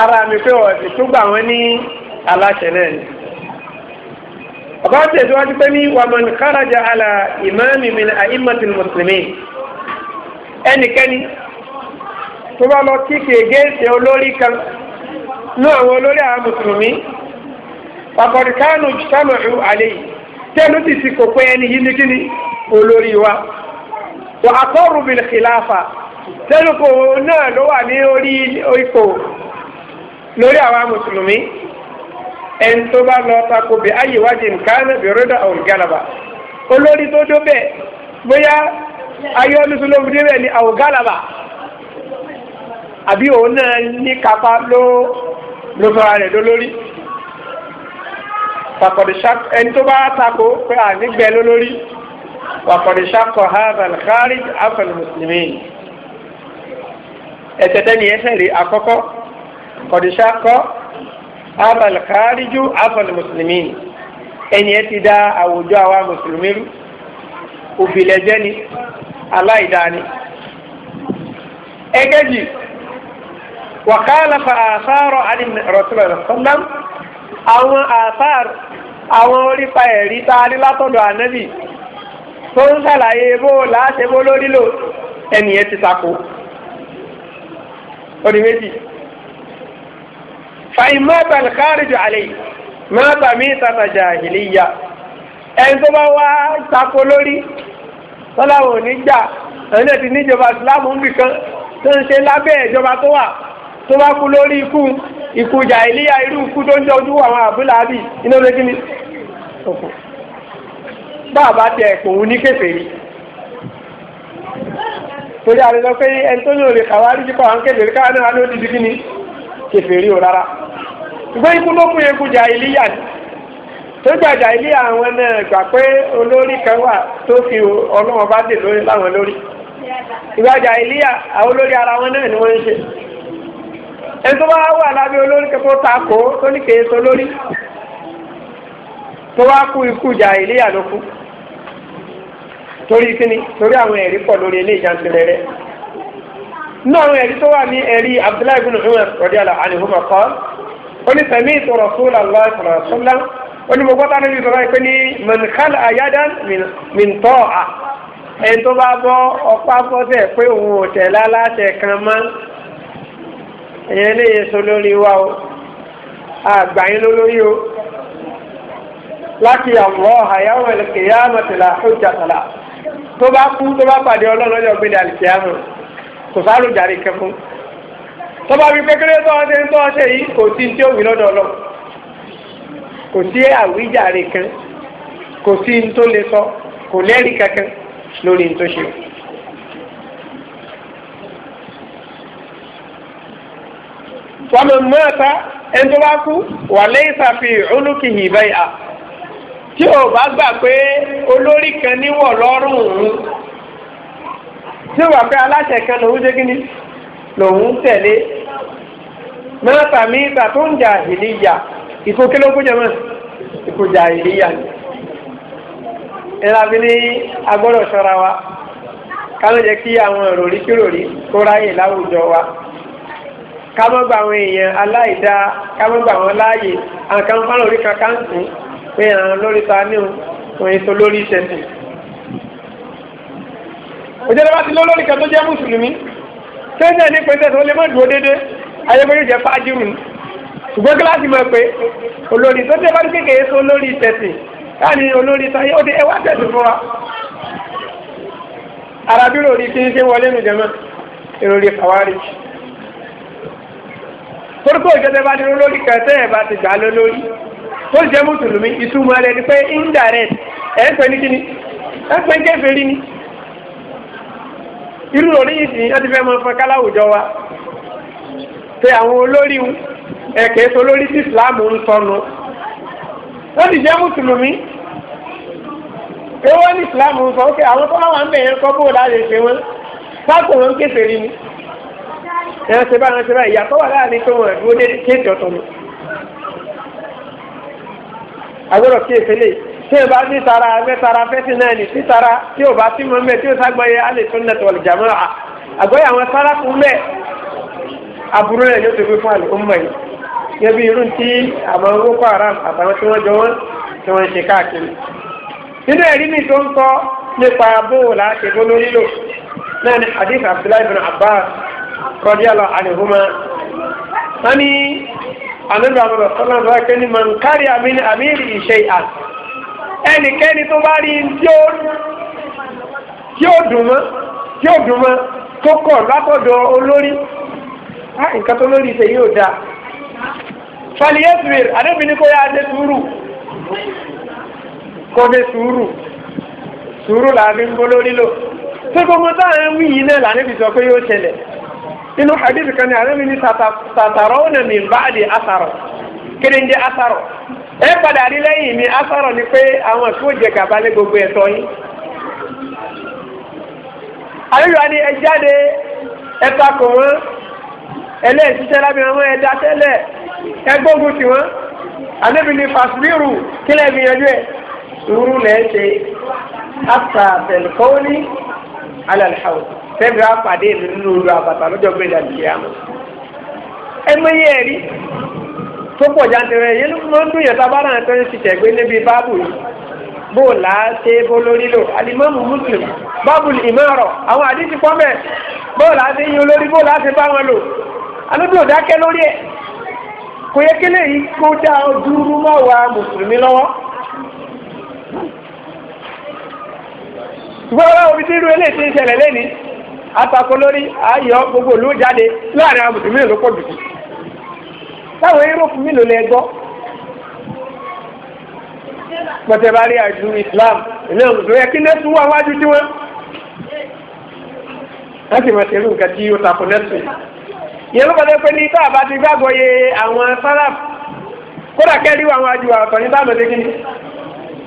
ara mi pé ọ̀sìn tó gbà wọ́n ní aláṣẹ náà ni ọba tẹ̀síwájú pé ní wàmọ̀n kárajà àlà ìmáàmì mi àìmọ̀tì mùsùlùmí ẹnikẹ́ni tó bá lọ kíkè géèsì olórí kan ní àwọn olórí àwọn mùsùlùmí fàkọ̀dìkánù sálọ̀rù àlẹ́ yìí tẹ́lú ti sì kò pé ẹni yìí ní kíni olórí wa wà àkọ́rù bil khilafa tẹ́lú kò náà ló wà ní orí ipò lórí àwa mùsùlùmí ẹni tó bá lọ tako bí ayé wájú nǹkan bí rẹ́dà àwọn ìgalaba olórí tó dó bẹ́ẹ̀ bóyá ayé olùsùlùmí débẹ̀ ni àwọn ìgalaba àbí òun náà ní kápá ló ló rẹ̀ lólórí fàkọ̀dìṣà ẹni tó bá tako pé ànígbẹ́ lólórí fàkọ̀dìṣà kọ̀ haza alkhari afẹ́l mùsùlùmí ẹ̀sẹ̀ tẹ́ni ẹsẹ̀ rí àkọ́kọ́ kọ̀dìṣà kọ̀ haza alkhari ju afẹ́l mùsùlùmí ẹni ẹ ti da àwùjọ àwa mùsùlùmí rú òbílẹ̀jẹ́ ni aláìdáni ẹgẹ́jì wàkálàfà àṣàrọ̀ àdìmọ̀ rọ̀tùlọ̀ rẹ̀ sọ́lám àwọn àfáàr àwọn orípa ẹ̀rí tá a ní látọ̀dọ̀ ànábì tó ń ṣàlàyé bó láṣẹ bó lórí lò ẹnìyẹn ti tako orí méjì fàìmọ́tà kárìjọ àlè mọ́tà mí sàtàjà ìlíyà ẹni tó bá wá tako lórí tọ́láwọn ò ní gbà ẹni níjọba ìsìlámù ń bì tó ń ṣe lábẹ́ ìjọba tó wà tó bá kú lórí ikú ikú jàìlíyà irú ikú tó ń jọjú àwọn àbúláàbì iná lójú ni òkú bàbá tẹ ẹ̀pọ̀ òun ní kèfèrí torí àrẹ pé ẹni tó ní òrè kàwárí jípa àwọn kèfèrí káwá náà ló dìdí kí ni kèfèrí ò rárá ṣùgbọ́n ikú ló kú ikú jàìlíyà ni tó gbàjà ilé àwọn náà gbà pé olórí kan wà tó fi ọlọ́wọ́n bá dè lórí láwọn lórí ìgbàjà ilé àwọn olórí ara wọn náà ni wọ́n ń ṣe ẹni tó bá wà lábẹ́ olórí kẹ́kọ̀ọ́ ta kó tó ní kèé so lórí tó wá kú ikú ìjà ìléyà ló kú torí kíni torí àwọn ẹ̀rí pọ̀ lórí ilé ìjànsìn rẹ̀ nínú àwọn ẹ̀rí tó wà ní ẹ̀rí Abdullahi bin Umar radiyallahu anhuma qala onífẹ̀mí ìtọ̀rọ̀ sólà lọ́wọ́ ìtọ̀rọ̀ sólà onímọ̀gbọ́tà níbi ìtọ̀rọ̀ ìpé ní mẹ̀nkálà àyádán mìntọ́ à ẹni tó bá bọ́ ọ̀pá bọ́sẹ̀ pé òun ò tẹ̀lá láṣẹ kan mọ́ èyàn lè yẹ sọ lórí wa o àgbà yín lólórí o láti àwọ̀ àyàwó ẹ̀lẹ́kẹ̀yà àmọ̀tẹ̀lá ọjàtàlá tó bá kú tó bá pàdé ọlọ́run ọjọ́ gbélé àlìkìyàmù kò sáré jàre kẹfún tó bá fi kékeré tó ọṣẹ tó ọṣẹ yìí kò sí tí ó wí lọ́dọ̀ lọ kò sí àwíjàre kan kò sí tó lè sọ kò lẹ́rìí kankan lórí tó ṣe fọmọ mọ́ta kú wà lẹ́yìn olùkì tí o bá gbà pé olórí kan níwọ̀ lọ́rùn òun tí o bá pé aláṣẹ kan lòun ṣe kíni lòun tẹ̀lé mi ìgbà tó ń jà ìlíyà ìkó kí ló jẹ ìkó jà ni wa kí àwọn èrò rí kí rí wa. kámọ́gbà àwọn èèyàn aláìdá kámọ́gbà àwọn láàyè àwọn kan fọ́nà orí kan káńtì pé àwọn lórí ta ní òun èso lórí ìṣẹ̀sìn. òjòlè bá ti lọ lórí kan tó jẹ́ mùsùlùmí sẹ́ńtẹ̀ ní pẹ́ńtẹ̀ tó lè mọ́ dúró dédé ayẹyẹ yóò jẹ́ fájírù ni ṣùgbọ́n kíláàsì mọ̀ pé olórí tó tẹ́ bá ní kékeré sọ olórí ìṣẹ̀sìn káàní olórí táyé ó di ẹwà tẹ̀sí fún wa. arábìnrin òrí kí ń ṣe wọlé nù torípò ìjọba bá ní olórí kẹtẹ ẹ bá ti gbà lólórí tó jẹ mùsùlùmí ìtumọ̀ rẹ̀ ni pé indirect ẹ ń pè ní kíni ń pè ní ni irú orí yìí sì ẹ ti fẹ́ wa pé àwọn olórí ẹ kìí sọ olórí tí ń sọnù wọ́n ti jẹ́ mùsùlùmí pé ní Islam ń sọ pé àwọn tó wà ń bẹ̀yẹn kọ́ ni. ẹran ṣe bá ẹran ṣe bá ìyàtọ̀ wà láàrin tó wọn ẹ̀dúró dé kéèsì ọ̀tọ̀ ni. agbọ́dọ̀ kíyèsí lè tí o bá ní tara mẹ́tara fẹ́sì náà ní tí tara tí o bá sí mọ́ mẹ́ tí o ságbọ́yé a lè tún nẹ̀tọ̀ ọ̀lẹ̀ jàmọ́ à àgbọ́yé àwọn sára fún mẹ́ aburú rẹ̀ ni ó ti fi fún àlùkò mọ́ yìí gẹ́gẹ́ bí irú tí àwọn Boko Haram àtàwọn tí wọ́n jọ wọ́n tí wọ́n ṣe káàkiri nínú ẹ̀rí mi tó ń kọ́ nípa bóòlà ṣe gbólórí lò náà ni hadith Abdullahi bin Abbas radiyallahu anhuma wọ́n ní ànábì àbúrò sọ́lá bá ké ní man kárí àmìlì àmìlì ìṣe à ẹnikẹ́ni tó bá rí tí ó dùn tí ó dùn tó kọ̀ látọ̀dọ̀ olórí á nǹkan tó lórí ṣe dáa faliyesmir àdébìnrin kó yá adé sùúrù kó dé sùúrù nínú hadith kan ní àlẹ́ mi ní tàtàrọ́ ọ̀nà mi bá di asarọ̀ kéde ń jẹ́ asarọ̀ ẹ padà rí lẹ́yìn mi asarọ̀ ni pé àwọn tó jẹ gàba lé gbogbo ẹ̀tọ́ yín. àlejò wa ni ẹ jáde ẹ takò wọn ẹlẹ́ẹ̀ṣiṣẹ́ lábẹ́ wọn ẹ dasẹ́lẹ̀ ẹ gbógun tì wọn àlẹ́bi ni fàṣbírù kílẹ̀ gbìyànjú ẹ̀ sùúrù lẹ́ẹ̀ ṣe àtàbẹ̀lẹ̀kọ́ni alẹ́ àlẹ́ sẹ́mi wá ìlú nínú àbàtà lọ́jọ́ gbé ẹ ẹ̀rí tó pọ̀ jantere yẹn ló ń dùn yẹn tábà náà tó ń ti tẹ̀gbé níbi báàbù yìí bó là á ṣe bó lórí lò báàbù ìmọ̀ràn àwọn bó là á ṣe yín olórí bó là á ṣe bá wọn lò lórí ẹ̀ kò yẹ kí lèyí atakọ lórí ayọ̀ gbogbo olú jáde láàrin àwọn mùsùlùmí ló pọ̀ jùlọ táwọn yúróòpù mélòó lẹ gbọ́ pọ̀tẹ́ bá rí àjù Islam ilé òmùsùlùmí ẹ kí ní ẹ̀sùn wà wájú tí wọ́n láti mọ̀ sí irú nǹkan tí ó takò nẹ́sùn ìyẹn ló kọjá pé ní tá a bá ti gbàgbọ́ yé àwọn sáràpù kódà kẹ́rí àwọn àjù ní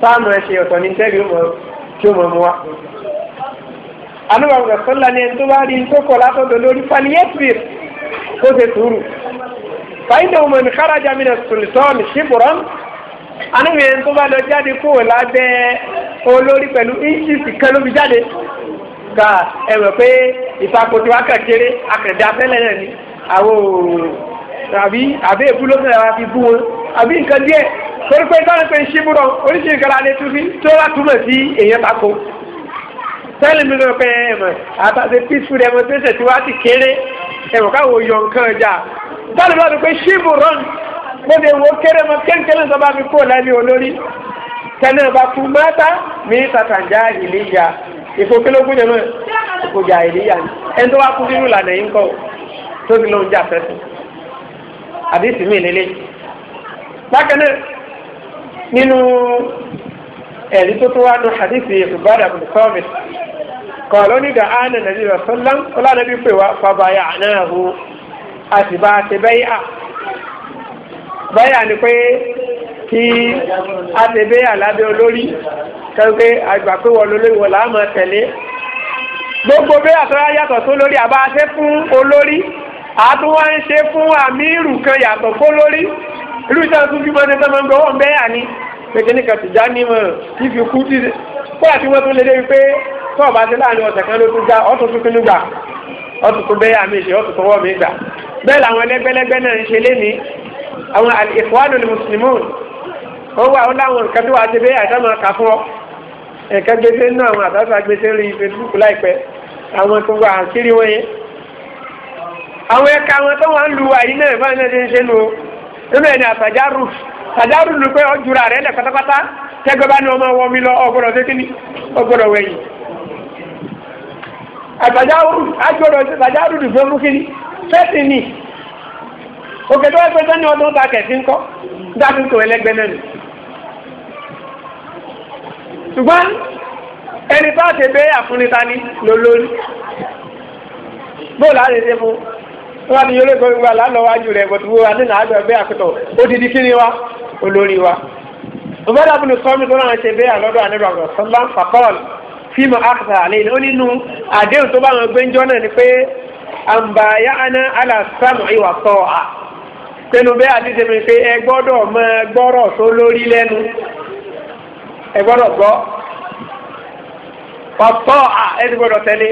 táàmù ẹ̀ṣẹ̀ ọ̀tọ̀ ní tẹ́lẹ̀ tí ó mọ̀ mú anúbàbò sọ́lá ni ẹni tó bá rí kókò látọ̀dọ̀ lórí fàlíyẹ́tìrì kó ṣe sùúrù fàyínà ọmọ mi kárajà mi nà sùlùtọ́ọ̀nù ṣíbùrọ́n anúbì ẹni tó bá lọ jáde kúrò lábẹ́ olórí pẹ̀lú íńṣìṣì kan ló fi jáde ká ẹ mọ̀ pé ìfakòtò akẹ́kẹ́rẹ́ akẹ́dẹ́ afẹ́lẹ́ náà ni àwọn àbí àbí èkú ló fẹ́rẹ̀ wá fi bú wọn àbí nǹkan díẹ̀ torí pé táwọn pé ń ṣíbùrọ̀ oríṣiríṣi kan sẹ́ẹ̀lì mi lọ pé ẹ̀mọ̀ àtàtì peaceful demonstration tí wàá ti kéré ẹ̀mọ̀ káwọ yọ nǹkan ọjà sẹ́ẹ̀lì mi lọ pé ṣíìmù rọ́ọ̀nù gbọ́dọ̀ wo kéré mọ kéńkéńlé tó bá fi kó lẹ́ni olórí tẹ́lẹ̀ ọba kú mọ́ta mi tàtàǹjà ìlíya ìfòkélógún yẹn náà ìfòjà ìlíya ẹni tó wá kú nínú ìlànà yìí ń kọ́ tó ti lóun jà fẹ́sùn àdìsí mi lélẹ̀ bákan náà nínú ẹ̀rí tó tó wá nu hadithi ìbára mùsọ́mì kọ̀ọ̀lọ́ ní da ánà nàbí rasulillah kọ́lá nàbí pè wá fàbàyà náà hu àti bá a ti bẹ́yà bẹ́yà ni pé kí a ti bẹ́yà lábẹ́ olórí kẹ́gbẹ́ àgbà pé wọ́n lólórí wọ́n làá máa tẹ̀lé gbogbo bẹ́yà tó yàtọ̀ tó lórí àbá ṣe fún olórí àtúwá ń ṣe fún àmì kan yàtọ̀ kó lórí irú ìṣàtúnfí mọ́ni tó máa ń gbọ́ wọ́n bẹ́yà ni kékeré kan ti já nímọ̀ fífi kú ti kódà tí wọ́n tún lé débi pé tó ọba ti láàrin ọ̀sẹ̀ kan ló tún já ọ̀tún tún kínú gbà ọ̀tún tún bẹ́yà mi ṣe ọ̀tún tọwọ́ mi gbà bẹ́ẹ̀ làwọn ẹlẹ́gbẹ́lẹ́gbẹ́ náà ń ṣe léni àwọn Ikhwanul Muslimun ó wà ó láwọn nǹkan tó wà á ti bẹ́ẹ̀ àìsàn máa kà fún ọ nǹkan gbèsè nínú àwọn àtàkùn agbèsè rí Facebook láìpẹ́ àwọn tó wà àṣírí wọn yẹn àwọn ẹ̀ka àwọn tó wà ń lu àyínà ìbáraẹnìṣẹ́ nu nínú ẹni àtàjà rúf tàdáàrú lu pé ọjúra rẹ lẹ pátápátá tẹgbẹ́ bá ní ọmọ wọn mi lọ ọgbọ́dọ̀ ṣe kíni ọgbọ́dọ̀ wẹ̀yìn. àtàdáàrú lu pé fún kíni fẹ́ẹ̀sì ni òkè tó wá pé sẹ́ni ọdún ta kẹ̀sí ńkọ́ dáàbò tó ẹlẹ́gbẹ́ náà ni. ṣùgbọ́n ẹni tó àti ẹgbẹ́ àfúnita ni lólórí bóòlù àti ẹsẹ̀ fún wọn ni yóò lè gbọ́ gbogbo àlálọ́wájú rẹ̀ bọ̀tú wo adínà àgbẹ̀ ẹgbẹ́ àkútọ̀ odidi kí ni wa olórí wa. Ubẹ́dà bùnú sọ́mi tó náà ṣe bẹ́ẹ̀ lọ́dọ̀ àníbà ọ̀rọ̀ sọ́lá fàkọ́l fíìmù àkàtà àlẹ́ ìlú nínú àdéhùn tó bá wọn gbé ńjọ́ náà ni pé àǹbáyá aná alàsámù ìwà sọ à. Pẹ̀lú bẹ́ẹ̀ àdíje mi pé ẹ gbọ́dọ̀ máa gbọ́rọ̀ tó lórí lẹ́nu. Ẹ gbọ́dọ̀ gbọ́. Ọ̀sọ́ à ẹ ti gbọ́dọ̀ tẹ́lé.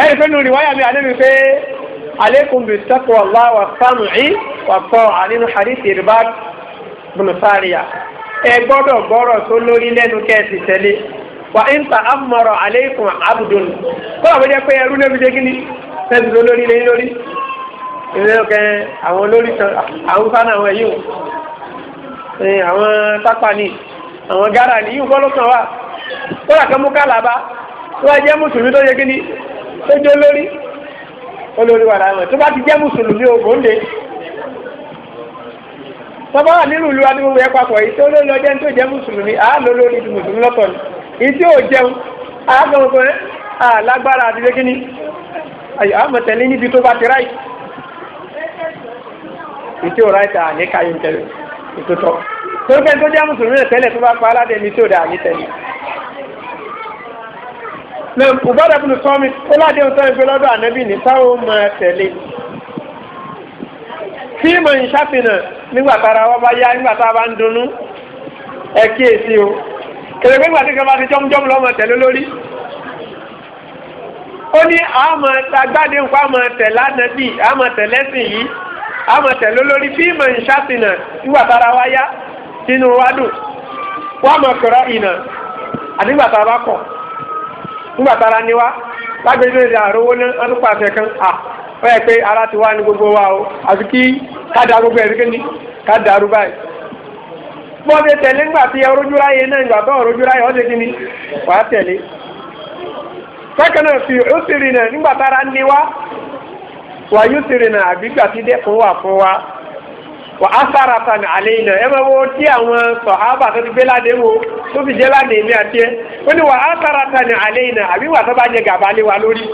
Ẹ rí pé nínú ìwáyà mi àdé mi pé àlékún bìtẹ́kù bùnfàríà ẹ gbọ́dọ̀ gbọ́rọ̀ tó lórí lẹ́nu kẹ́ẹ̀sì tẹ́lẹ̀ wà ń ta amọ̀rọ̀ aleikum abudul kó àwọn jẹ́ pé ẹrú lẹ́bi jẹ́ kíni lẹ́bi tó lórí lẹ́yìn lórí ìrìnlẹ́ ọ̀kẹ́ àwọn olórí tán àwọn fana àwọn ẹ̀yìn àwọn tápánì àwọn gára ni yìí ń fọ́lọ́ kan wà ó rà kán mú kálàbá tó wá jẹ́ mùsùlùmí tó jẹ́ kíni tó jẹ́ lórí olórí wà láwọn tó bá ti jẹ́ mùsùlùmí ògbóǹde tọ́ba wà nínú ìlú adúgbò yẹn papọ̀ èyí tó lórí ọjọ́ tó jẹ́ mùsùlùmí àá lọ lórí ti mùsùlùmí lọ́tọ̀ ni èyí tí ò jẹun àágbọ̀ngbọ̀n àlágbára àdìgbé kínní àmọ̀tẹ́lẹ́ níbi tó bá ti ráì èyí tí ò ráì tà ní káyọ̀ tẹ̀lé ètò tọ́ torí pé tó jẹ́ mùsùlùmí rẹ̀ tẹ́lẹ̀ tó bá pa aládé ní tí ò dà ní tẹ̀lé. Ubada bin Sọ́mi, ó ládé ń sọ́mi pé lọ́dọ̀ ànábì ní táwọn máa tẹ̀lé. Fíìmù ìṣàfihàn nígbà tára wa bá yá nígbà tá a bá ń dunnú ẹ kíyèsí o kèrè pé gbàtí kan bá ti jọ́mjọ́m lọ́mọ tẹ̀lé lórí ó ní àmọ́ agbáde ń pa àmọ́ tẹ̀ lánàbì àmọ́ tẹ̀ lẹ́sìn yìí àmọ́ tẹ̀ lólórí fíìmù ìṣàtìnà nígbà tára wa yá sínú wa dùn wọ́n mọ̀ kọ̀rọ̀ ìnà àdígbà tára kọ̀ nígbà tára ni wa lágbègbè ìdàrúwó ní ọdún pàṣẹ kan ó pé ara ti wá gbogbo wa o àfi kí gbogbo ẹ̀rí kéde ká dàrú báyìí. bó o tẹ̀lé ńgbà tí ọrójú ráyè náà ìgbà ráyè ni wà á tẹ̀lé. fi òsìrì náà nígbà tára ní Wa wà yóòsìrì náà àbí gbà tí dẹ́kun wà fún wa wà á sára ẹ máa wo tí àwọn sọ̀hábà tó ti wo tó fi jẹ́ ládé àti ẹ ní wà á sára àbí wa lórí.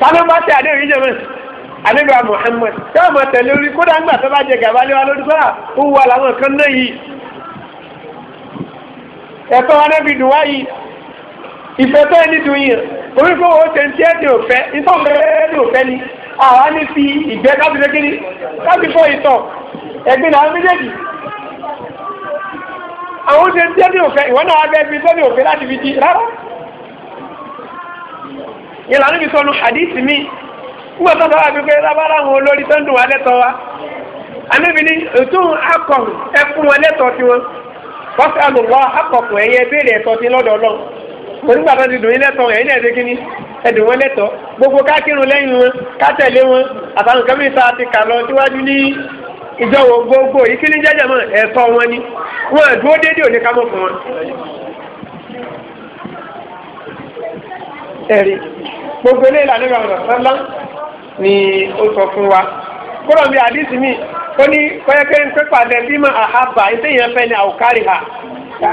sáré bá tẹ àdéhùn yìí jẹ́mẹ́ àdéhùn wa Muhammad sọ́wọ́n mọ̀ tẹ̀lé orí kódà ńgbà tó bá jẹ gàba lé wa lórí sọ́wọ́ ó wà láwọn kan náà yìí ẹ̀tọ́ wa náà fi dùn wá yìí ìfẹ́ tó ẹni dùn yìí orí fún owó tẹ̀ ń tiẹ́ ní òfẹ́ ìtọ́ mẹ́rẹ́ ní òfẹ́ ni àwa ní fi ìgbẹ́ káfí lé káfí fọ́ ìtọ̀ ẹ̀gbin làwọn méjèèjì àwọn oúnjẹ ń tiẹ́ ní òfẹ́ ìwọ náà wá bẹ́ẹ̀ fi tẹ́ ní òfẹ́ láti fi di rárá. yẹn lànà mi sọnu hadisi mi nígbà tó sọ wà pé lábára wa ànábi ni ètò akọ ẹkún wọn lẹ́tọ̀ tiwọn kọ́sí àlùwọ́ akọ̀kùn ẹ̀yẹ béèrè ẹ̀tọ́ ti lọ́dọ̀ ọlọ́run onígbà ti dùn yín lẹ́tọ̀ ẹ̀yìn ẹ̀dẹ́ kínní wọn gbogbo kákírun lẹ́yìn wọn kátẹ̀lé wọn àtàwọn ti kà lọ síwájú ní gbogbo ìkíni wọn ni wọn òní fún ẹ̀rí gbogbo ilé ìlànà ìgbà sọ́lá ni ó sọ fún wa kúrò bí àdìsí mi ó ní kọ́yẹ́kẹ́ ń pẹ́pà dẹ bí mà àhábà iṣẹ́ yẹn fẹ́ ni àwòkárì ha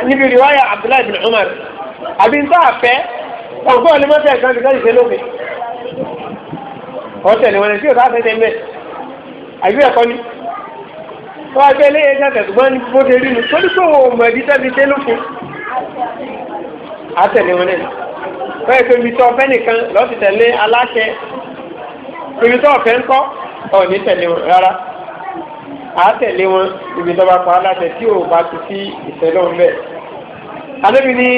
níbi riwaya Abdullahi bin Umar àbí ń tọ́ àfẹ́ ọ̀gbọ́n ni mọ́tẹ́ ẹ̀kan ti kọ́ ìṣe lómi ọ̀tẹ̀ ni wọ́n ti yóò sáfẹ́ tẹ́lẹ̀ àbí ẹ̀kọ́ ni wọ́n abẹ́ ilé ẹ̀ka tẹ̀sùgbọ́n ní bó ṣe rí ni tó ní kó o mọ̀ ẹ̀dí tẹ́bi tẹ́lófin àtẹ̀lé wọn náà bẹ́ẹ̀ pé ibi tó ọ̀fẹ́ nìkan lọ́sì tẹ̀lé aláṣẹ ibi tó ọ̀fẹ́ ń kọ́ ọ̀ní tẹ̀lé wọn rárá àá tẹ̀lé wọn ibi tó bá pa aláṣẹ tí ò bá ti sí ìṣẹ̀lẹ̀ ọ̀nbẹ. alẹ́bi ni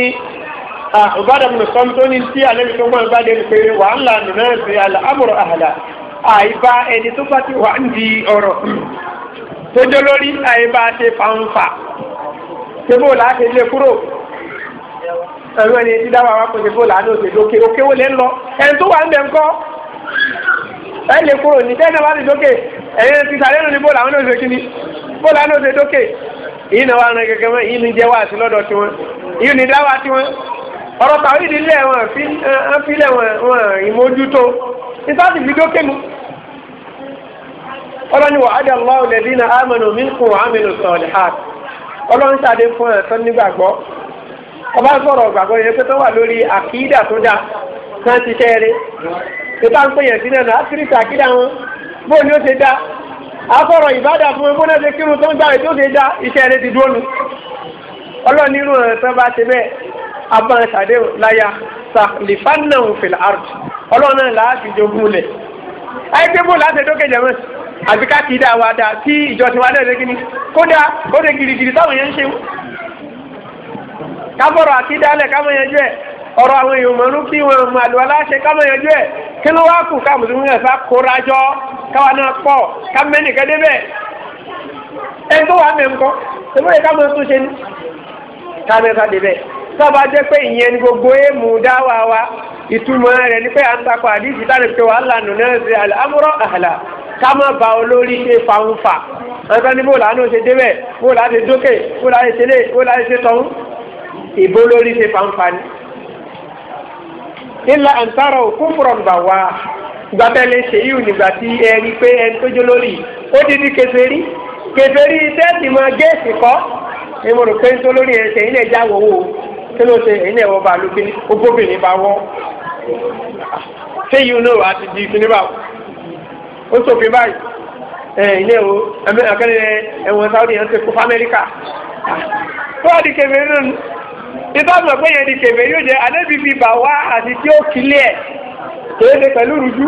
ọ̀bádàmù nìkan tó ní tí alẹ́bi tó gbọ́n bá dé ni pé wàhálà nìyẹn ṣe àmúrò àhàlà àìbá ẹni tó bá ti wà ń di ọ̀rọ̀ tójó lórí àìbá ṣe fanfa ṣé bó láti lé kúrò. ẹ̀rú ẹni tí dáwọ́ àwọn akọ̀ṣe an'oze làánú òṣèlú òkè òkè wo lè ń lọ ẹni tó wà ń bẹ̀ ń kọ́ ẹ lè kúrò ní tẹ́lẹ̀ bá ti dókè ẹ̀yẹ ti sàlẹ̀ ní bó làánú òṣèlú kíni bó làánú yìí ni wàá rìn kẹ̀kẹ́ mọ́ yìí ni jẹ́ wá sí lọ́dọ̀ tiwọn yìí ni tiwọn ọ̀rọ̀ wọn wọn ìmójútó fi dókè mu ọlọ́ni wà ádà lọ́wọ́ wa ọba sọ̀rọ̀ gbàgbọ́ yẹn pé tó wà lórí àkídà tó dáa náà ti ṣe eré ìta ń pèyàn sí náà áfíríkì àkídà wọn bó ni ó ṣe dá afọ̀rọ̀ ìbádà fún ebó náà ṣe kírun tó ń gbà rẹ̀ tó ṣe dá iṣẹ́ eré ti dúró nu ọlọ́ọ̀ni irú ọ̀rẹ́ tó bá ṣe bẹ́ẹ̀ abọ́n ṣàdé láyà sàlìfánà òfìlà àrùt ọlọ́ọ̀nà láti jogún lẹ̀ ayégbébó láti dókè jẹ̀mọ́ àbíká kìí dá wa dá tí ìjọ tiwa náà lé kíní kódà kódà gírígírí táwọn yẹn ń ṣe kábọ̀rọ̀ àkídálẹ̀ ká máa yanjú ẹ̀ ọ̀rọ̀ àwọn èèyàn mọ̀nú kí wọn mọ àlùwàlá ṣe ká máa yanjú ẹ̀ kí ló wá kù ká mùsùlùmí ẹ̀fà kórajọ káwa náà pọ̀ ká mẹ́nìkan débẹ̀ ẹ̀ tó wà mẹ́ nǹkan ṣèlú yẹ ká máa tún ṣe ní ká mẹ́ta débẹ̀ sábà jẹ́ pé ìyẹn ni gbogbo èèmù dáwà wa ìtumọ̀ rẹ̀ ni pé à ń takọ̀ àdìsí tàbí pé wàhálà nù náà ìbò lórí ṣe fanfani. ilà àǹtárọ̀ òkú fúrọ̀ǹbà wá gbàbẹ́lẹ̀ ṣèyí ò nígbà tí ẹ rí i pé ẹni tó jó lórí ó ti di kèfèrí tẹ́ẹ̀tì máa géètì kọ́ ni mo rò pé ń tó lórí ẹ̀ ṣe ilé ẹja wò ó kí ló ṣe ilé ẹ̀wọ̀ bá lu kíní obóbìnrin bá wọ́ ṣéyí náà wà á ti di kíní báwò ó ṣòfin báyìí ilé o akẹ́lẹ́ ẹ̀wọ̀n Saudi ẹ̀ ń ṣe fún Amẹ́ríkà tó wà náà ìtọ́jú pé yẹn ni kèmé yóò jẹ anábì fi bà wá àti tí ó kílé ẹ̀ kèé ṣe pẹ̀lú rújú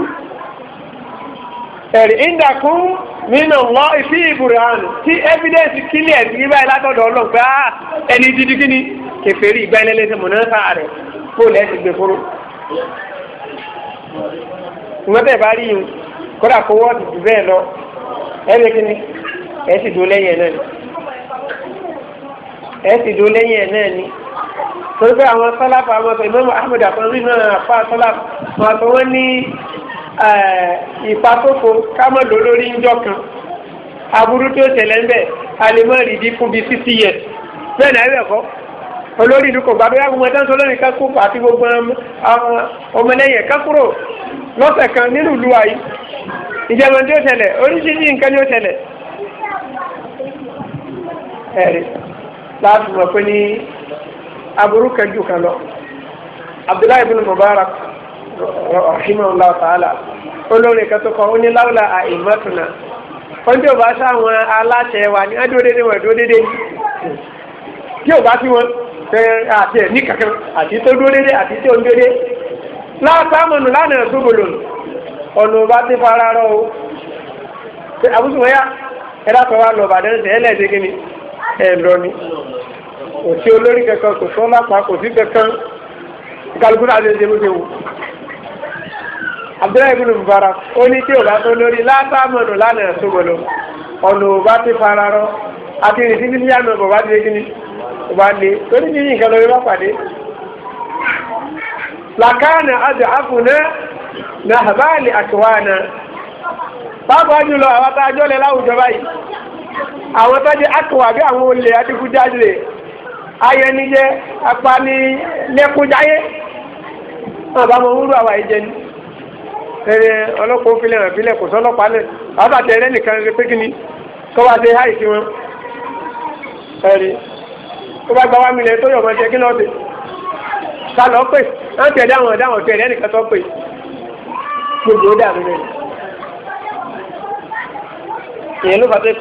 ẹ̀rí ìdàkún nínú lọ ìfí ìbùrán tí evidence kílé ẹ̀ ní báyìí látọ̀dọ̀ ọlọ́gbà ah, ẹni dídí kíni kèfèrí ìgbẹ́lẹ́lẹ́sẹ̀ mọ̀nẹ́sà rẹ̀ fóònù ẹ̀ ti gbé fóró ìmọ̀tẹ́ bá rí yìí kódà kó wọ́ọ̀dù jù bẹ́ẹ̀ lọ ẹ̀rẹ́ kí ni ẹ̀ sì dúró lẹ́yìn ẹ̀ náà ni ẹ̀ sì dúró lẹ́yìn ẹ̀ náà ni. torí pé àwọn sálàfà àwọn sọ ìmọ̀mù ahmed àtọ́rí náà fa sálàfà wọn àti wọn ní ìpàkókò kámọ́ lórí ńjọ kan aburú tó ṣẹlẹ̀ ń bẹ̀ alimọ̀ fún bíi sixty years bẹ́ẹ̀ náà ẹ̀rẹ̀ kọ́ olórí ìlú kò gbà bí lónìí àti gbogbo ọmọlẹ́yìn lọ́sẹ̀ kan nínú ìlú ìjẹun ṣẹlẹ̀ aburu ka jù kan lọ abdullahi ibn mubarak rahimahullah ta'ala olórin kan tó kọ ó ní láwùlà àìmọ́tòná kọ́ńtì òbá sáwọn wa ní wọn dúró dédé tí òbá sí wọn àti ẹ̀ ní kankan àti tó dúró dédé àti tó ń dédé láàpámọ̀nù lánàá ọ̀nà ọba ti kò sí olórí kankan kò sọ lápá kò sí kankan kálukú náà lè ṣe bó ṣe wù. abdullahi bin mubarak ó ní tí o bá tó lórí látàmọ̀nù lánàá tó gbọdọ̀ ọ̀nà ò bá ti fara rọ àti ìrìsí ní yànnà ò bá ti lé kíní ò bá lé torí ní nǹkan lórí bá pàdé. làkàna àti àfùnà nàbàlì àkùwánà pàápàá jùlọ àwọn tá a jọ lẹ láwùjọ báyìí àwọn tó jẹ àkùwà bí àwọn olè adigunjalè ayẹnijẹ apani lẹkùnjáyé àbámọ wúlò àwa ìjẹ ni ẹrẹ ọlọpàá òfìlẹ hàn fílẹ kò sọlọpàá lẹ àbàtẹ ẹrẹ nìkan rẹ pé kí ni wọn ẹrí gba wá mi lẹ tó kí lọ sí ta lọ pè wọn tẹ tẹ ẹrẹ nìkan pè gbogbo dàbí rẹ ìyẹn ló fà pé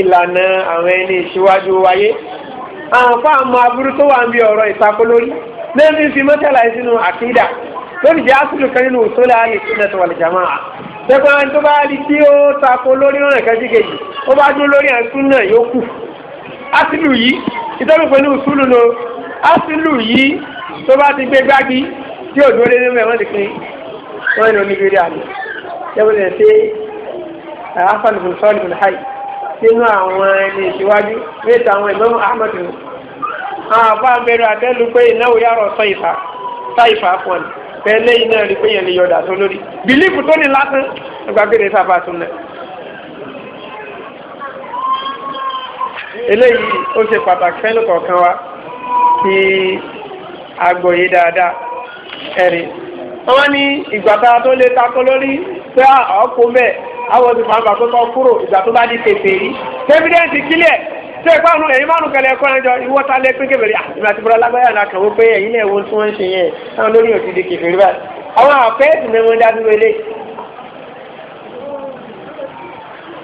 ìlànà àwọn ẹni ìṣíwájú wáyé àwọn fáàmù aburú tó wà ń bí ọ̀rọ̀ ìtakò lórí lẹ́nu fi mọ́tàlá sínú àkídà lórí jẹ́ àsìlù kan nínú òṣòlá al-sunnah wal jamaa tẹ́gbọ́n tó bá rí tí ó takò lórí ọ̀nà kẹ́sí kejì ó bá dúró lórí ẹ̀sùn náà yóò kù àsìlù yìí ìtọ́jú pẹ̀lú òṣùlù lọ àsìlù yìí tó bá ti gbé gbági tí ò dúró nínú ẹ̀wọ̀n ti pin wọ́n ní oníbírí àná tẹ́gbọ́n sínú àwọn ẹni ìṣíwájú mẹ́ta àwọn ìmọ̀mù ahmed nù. àwọn àbá abẹ́rẹ́ àtẹ́lu pé ìnáwó yàrá sọ ìfà sá ìfà fún ọ̀nà pẹ̀lẹ́ iná rí pé yẹn lè yọ̀dà tó lórí. bìlífù tó ní lásán gbàgbére sábà tún náà. eléyìí ó ṣe pàtàkì fẹ́nu kọ̀ọ̀kan wa kí agbòye dáadáa ẹ̀rí. wọ́n ní ìgbà tá a tó lè takò lórí pé ọkùnrin bẹ́ẹ̀ àwọn oṣù fàǹfà tó tọ́ kúrò ìgbà tó bá di kèfèrí tẹ́fídẹ́ǹsì kílẹ̀ tó ẹ̀kọ́ àwọn ẹ̀yin márùn kẹlẹ̀ ẹ̀kọ́ ẹ̀jọ ìwọ́ta lé pín kèfèrí àtìmọ̀ ah, àti bọ́lá lágbáyà náà wọ́n pé ẹ̀yin náà tí wọ́n ń ṣe yẹn àwọn lórí òtí di kèfèrí báyìí àwọn àfẹ́ẹ̀sì ni wọ́n dábí wọlé.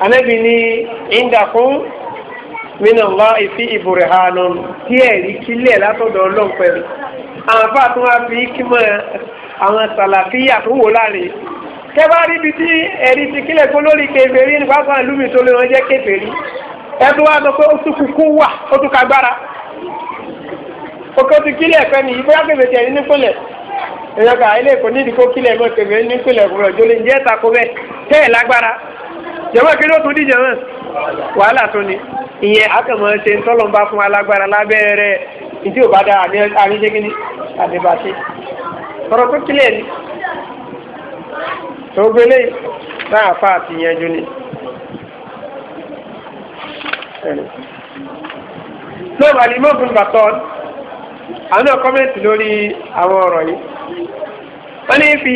Ànábì ní ìndàkún min Allah fi burhanun tí ẹ̀rí kílẹ̀ látọ̀dọ̀ ọlọ́pẹ̀rẹ̀ àwọn afáàtúwà fi kí mọ́ àwọn sàlàfíyà tó wò láàrin tẹ́ bá rí ibi tí ẹ̀rí ti kílẹ̀ kó lórí kèfèrí ní pápá lumi tó lè wọ́n jẹ́ kèfèrí ẹ̀dùn wa sọ pé ó tún kúkú wà ó tún kagbára òkè ó ti kílẹ̀ ẹ̀fẹ́ nìyí bóyá kèfèrí ẹ̀rí nípìnlẹ̀ èèyàn kà ilé ìkó nídìí kó kílẹ̀ mọ́ kèfèrí nípìnlẹ̀ fúnra jọlẹ̀ ń jẹ́ tako bẹ́ẹ̀ tẹ́ lágbára jọ̀wọ́ kí ló tún díje mọ́ ni ìyẹn akẹ́mọ̀ ṣe ń tọ́lọ̀ ń gbogbo eléyìí táà fà ti yanjú ni. náà wà ní mọ́ọ̀gùn bàtọ́ àwọn kọ́mẹ́ǹtì lórí àwọn ọ̀rọ̀ yìí wọ́n ní fi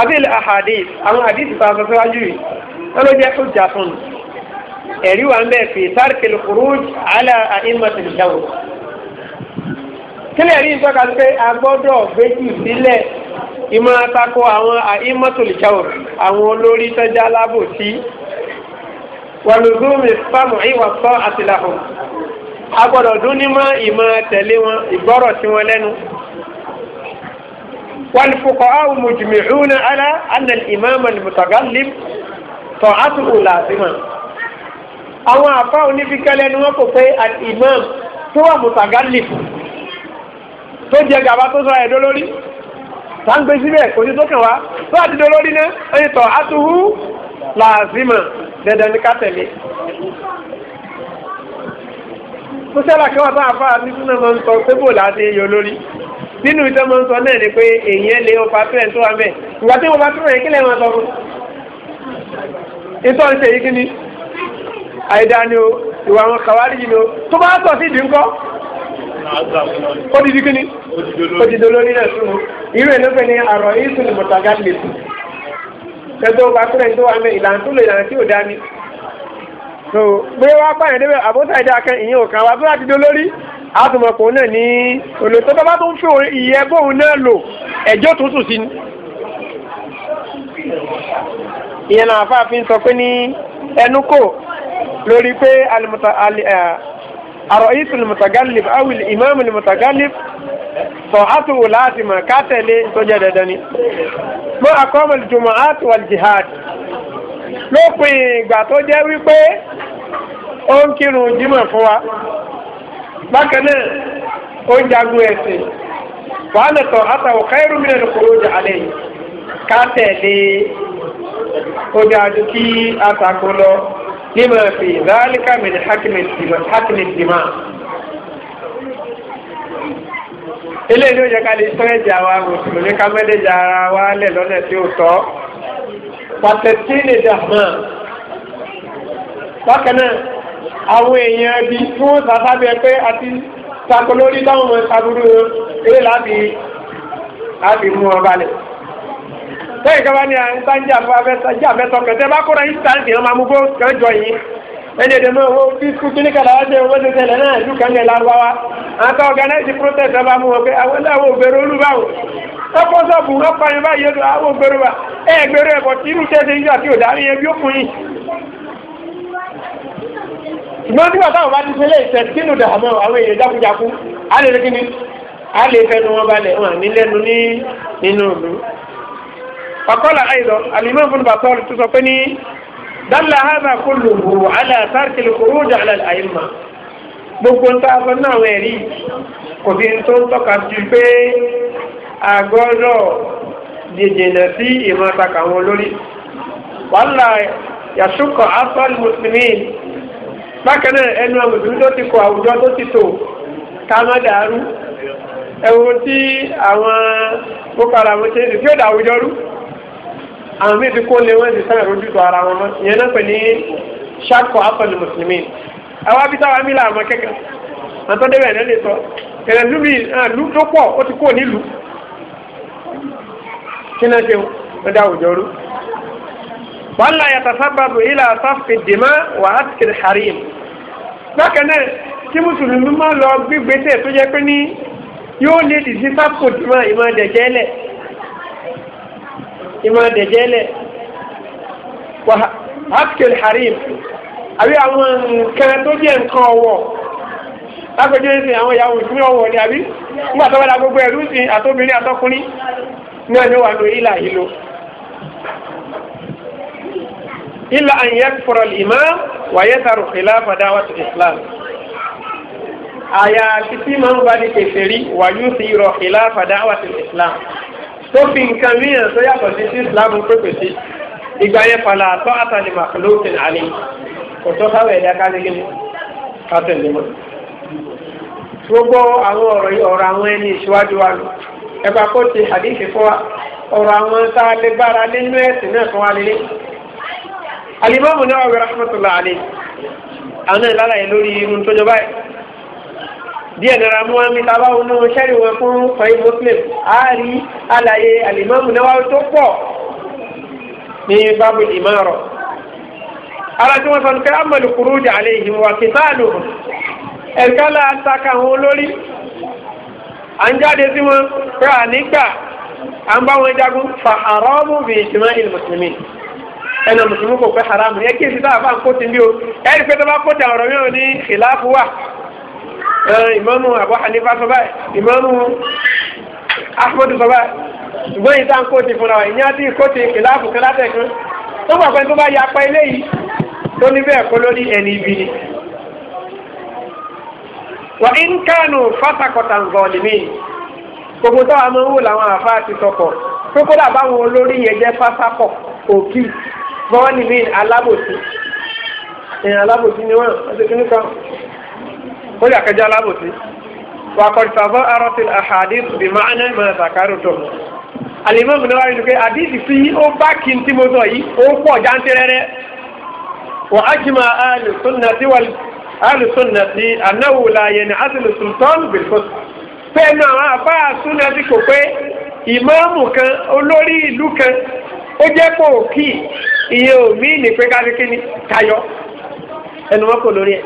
abil ahadith àwọn àdìsí tá a sọ síwájú yìí wọ́n ló jẹ́ hujja fún ẹ̀rí wa ń bẹ̀ fi tarkil khuruj ala a'immatil dawla kílẹ̀ rí ìtọ́ka pé a gbọ́dọ̀ gbẹ́jù sílẹ̀ ìmọ̀ àtakò àwọn àìmọ́tòlìjáwò àwọn olórí tọ́jà lábòsí wàlúùdúmi fáàmù ìwà sọ àtìláhù a gbọ́dọ̀ dún ní ìmọ̀ tẹ̀lé wọn ìgbọ́rọ̀ sí wọn lẹ́nu. والفقهاء مجمعون على أن الإمام المتغلب طاعته لازمة àwọn àfáà onífikẹ́lẹ́ ni wọ́n kò pé al-imam tó wà mùtàgálì tó jẹ gàba tó sọ ẹ̀dọ́ lórí tá ń gbé síbẹ̀ kò sí tókàn wá tó àti dọ́ lórí náà ẹ̀yìn tọ̀ àtúhù làzima dandan ní ká tẹ̀lé. mọ́sálà kí wọ́n bá àfa nínú náà máa ń sọ pé bò láti yọ lórí nínú ìtọ́ máa ń sọ náà ni pé èèyàn lè ọ̀pá tẹ̀ tó wà mẹ́ ìgbà tí wọ́n bá rẹ̀ kí lẹ́yìn wọn sọ fún ìtọ́ ń ṣe yìí kí ni àìdá ni o ìwà àwọn kàwárí yìí ni o tó bá tọ̀ sí ìdí ńkọ́ ó di dikí ni ó di dolórí náà sùn irú ẹ̀ ló fẹ́ ni àrọ̀ yìí sùn ní mọ̀tàgá lè sùn kẹtọ́ bá kúrẹ́ ní tó wà ní ìlànà tó lè ìlànà tí ò dání so bóyá wá báyìí débẹ̀ àbótá ìdá kan ìyẹn ò kan wá tó láti dolórí àtùmọ̀pọ̀ náà ní olùtọ́ bá bá tó ń fi ìyẹ́ bóun náà lò ẹjọ́ tó sùn sí ni ìyẹn làwọn afáàfin sọ pé ní ẹnu kò lórí pé alimọ̀tà الرئيس المتغلب أو الإمام المتغلب طاعته لازمة كاتلي تجددني ما أقام الجمعات والجهاد lópin ìgbà tó jẹ́ wípé ó ń kírun jímọ̀ fún wa bákan náà ó ń jagun ẹ̀sìn wàá lè tọ̀ àtàwọn káírù mìíràn kò lóde àlẹ́ yìí ká tẹ̀lé ó dáa ju kí àtàkùn lọ lima fi dhalika min hakimi dima eléyìí ló yẹ ká lè sọ́rẹ́jì àwa mùsùlùmí ká mẹ́lẹ́jà ara wa lẹ̀ lọ́nà tí ó tọ́ pàtẹ́tì lè dà mọ́ bákan náà àwọn èèyàn bí tí wọ́n sàtàbẹ̀ pé àti takò lórí táwọn ọmọ ìsàbúrú eré láti mú ọ balẹ̀. lẹ́yìn kaba ni àwọn tá ń jà fún abẹ́tọ́ jà mẹ́tọ́ kẹtẹ́ bá kóra yìí tán ìyẹn máa mú bó kẹjọ yìí ẹni èdè mọ́ owó bí kú kíní kàlà wá sí owó ti ṣẹlẹ̀ náà ju kàngẹ̀ lárúbáwá àtọ́ protest ọba mú wọn pé àwọn àwọn òbèrè olúbáwò ọkọ̀ sọ́ọ̀bù wọn pa báyìí yóò àwọn òbèrè wa ẹ gbèrè ẹ̀bọ̀ tí irú tí yẹn bí ó yín. ṣùgbọ́n bá ti ìṣẹ̀ àwọn èèyàn fakọ́lá àìdọ̀ alimọ́ fún bàtọ́ọ̀lù tó sọ pé ní dálà hàzà kúlù hù alà sárkìlì kúrú jà alà àìmà gbogbo ń tàà sọ náà wẹ̀rí kò fi ń tó ń tọ́ka sí pé àgọ́rọ̀ dèjìnà sí ìmọ̀ àtàkà wọn lórí wàhálà yàṣùkọ̀ asọ́lù mùsùlùmí bákan náà ẹnu àmùsùlùmí tó ti kọ àwùjọ tó ti tò ká má dàrú ẹ̀wọ̀n tí àwọn boko haram ṣe é sì tí ó dà àwùjọ rú àwọn míì fi kó lé wọn ti sáyẹn rojú tó ara wọn mọ ìyẹn náà pè ní ṣàkó àfọlù mùsùlùmí àwa bí táwa mí làwọn kẹkẹ àtọ́ débẹ̀ náà lè sọ kẹlẹ lúmi lú tó pọ̀ ó ti kó nílùú kí náà ṣe ń dá àwùjọ rú. wàhálà yàtọ̀ sábàbù ilà sáfì dìmá wàhálà kìlì harim bákan náà kí mùsùlùmí má lọ gbígbésẹ̀ tó jẹ́ pé ní yóò lè dì sí sáfì dìmá ìmọ̀ ìmọ̀ dẹ̀jẹ́lẹ̀ wà hapkil harim àbí àwọn nǹkan tó jẹ́ nǹkan ọ̀wọ̀ lápẹjọ ìsìn àwọn ìyàwó ìpínlẹ̀ ọ̀wọ̀ ni àbí nígbà tó bá da gbogbo ẹ̀rú sí àtobìnrin àtọkùnrin náà ni wà ló ìlà yìí lò ìlà àyẹ̀ fọ̀rọ̀ ìmọ̀ sàrò ìlà fàdáwà tó islam àyà títí máa ń bá ní kẹfẹ́rí wàyú sí ìrọ̀ ìlà fàdáwà tó islam tó fi nǹkan mìíràn tó yàtọ̀ sí sí islam pépè sí ìgbà yẹn fàlà àtọ́ àtàlì màkìlókìn àní kò tó sáwọ̀ ẹ̀dá kálígínì ká tẹ̀lé mọ́. gbogbo àwọn ọ̀rọ̀ àwọn ẹni ìṣíwájú wa lò ẹgbà kó ti hadithi fún wa ọ̀rọ̀ àwọn tá lè bára nínú ẹ̀sìn náà fún wa lélẹ̀. alimami náà wẹ̀ rahmatulah ali àwọn ìlànà yẹn lórí irun tó jọba yìí díẹ̀ nira mú wa mi tábà wọnú sẹ́rí wọn fún sọ́yìn muslim a rí àlàyé alimami Nawawi tó pọ̀ ní bábù ìmọ̀ràn ara tí wọ́n sọ pé amọ̀lù kúrú jà lè yìí wà kí sáàlù ẹ̀ka la taka àwọn olórí à ń jáde sí wọn pé ànígbà à ń bá wọn jagun fa àrọ́mù bí ìjìmá ìlú mùsùlùmí ẹnà mùsùlùmí kò pé haram yẹ kí èsì tá a bá ń kó ti bí o ẹ̀rí pé tó bá kó ti àwọn ọ̀rọ̀ mìíràn ní ìlàfù wà ìmáàmù Abu Hanifa sọ báyìí ìmáàmù Ahmadu sọ báyìí ṣùgbọ́n yìí sáà ń kóòtì fúnra wa ìyẹn àti kóòtì kìláàfù kìláàtẹ̀ kan tó gbàgbé tó bá yapa eléyìí tó ní bẹ́ẹ̀ kó lórí ẹni ibi ni. wà ń kánú fátakọ̀tà ń zọ̀ọ̀lì mí gbogbo tó wà máa ń wò làwọn àfáà ti sọkọ̀ tó kó làbáwọn olórí yẹn jẹ́ fásákọ̀ òkì zọ̀ọ̀lì mí alábòsí èèyàn alábòsí ni wọ́n ọ̀sẹ̀ kìnnìkan kódà kẹjá alábòsí wàkọ̀tàbọ̀ arọ́tì àhàdìs bí máàná máa zàkárò tó. alimami náà wáyé pé àdìsí fi ó bá kí n tí mo sọ yìí ó pọ̀ jántẹ́rẹ́rẹ́. wà á jìmọ̀ alùsùnàtì wà alùsùnàtì anáwòlá yẹn ní asìlù sultan bilfos. fẹ́ẹ̀nù àwọn àbá àsùnàtì kò pé ìmáàmù kan olórí ìlú kan ó jẹ́ pò kí ìyẹn ò mí ní pé ẹnu wọn kò lórí ẹ̀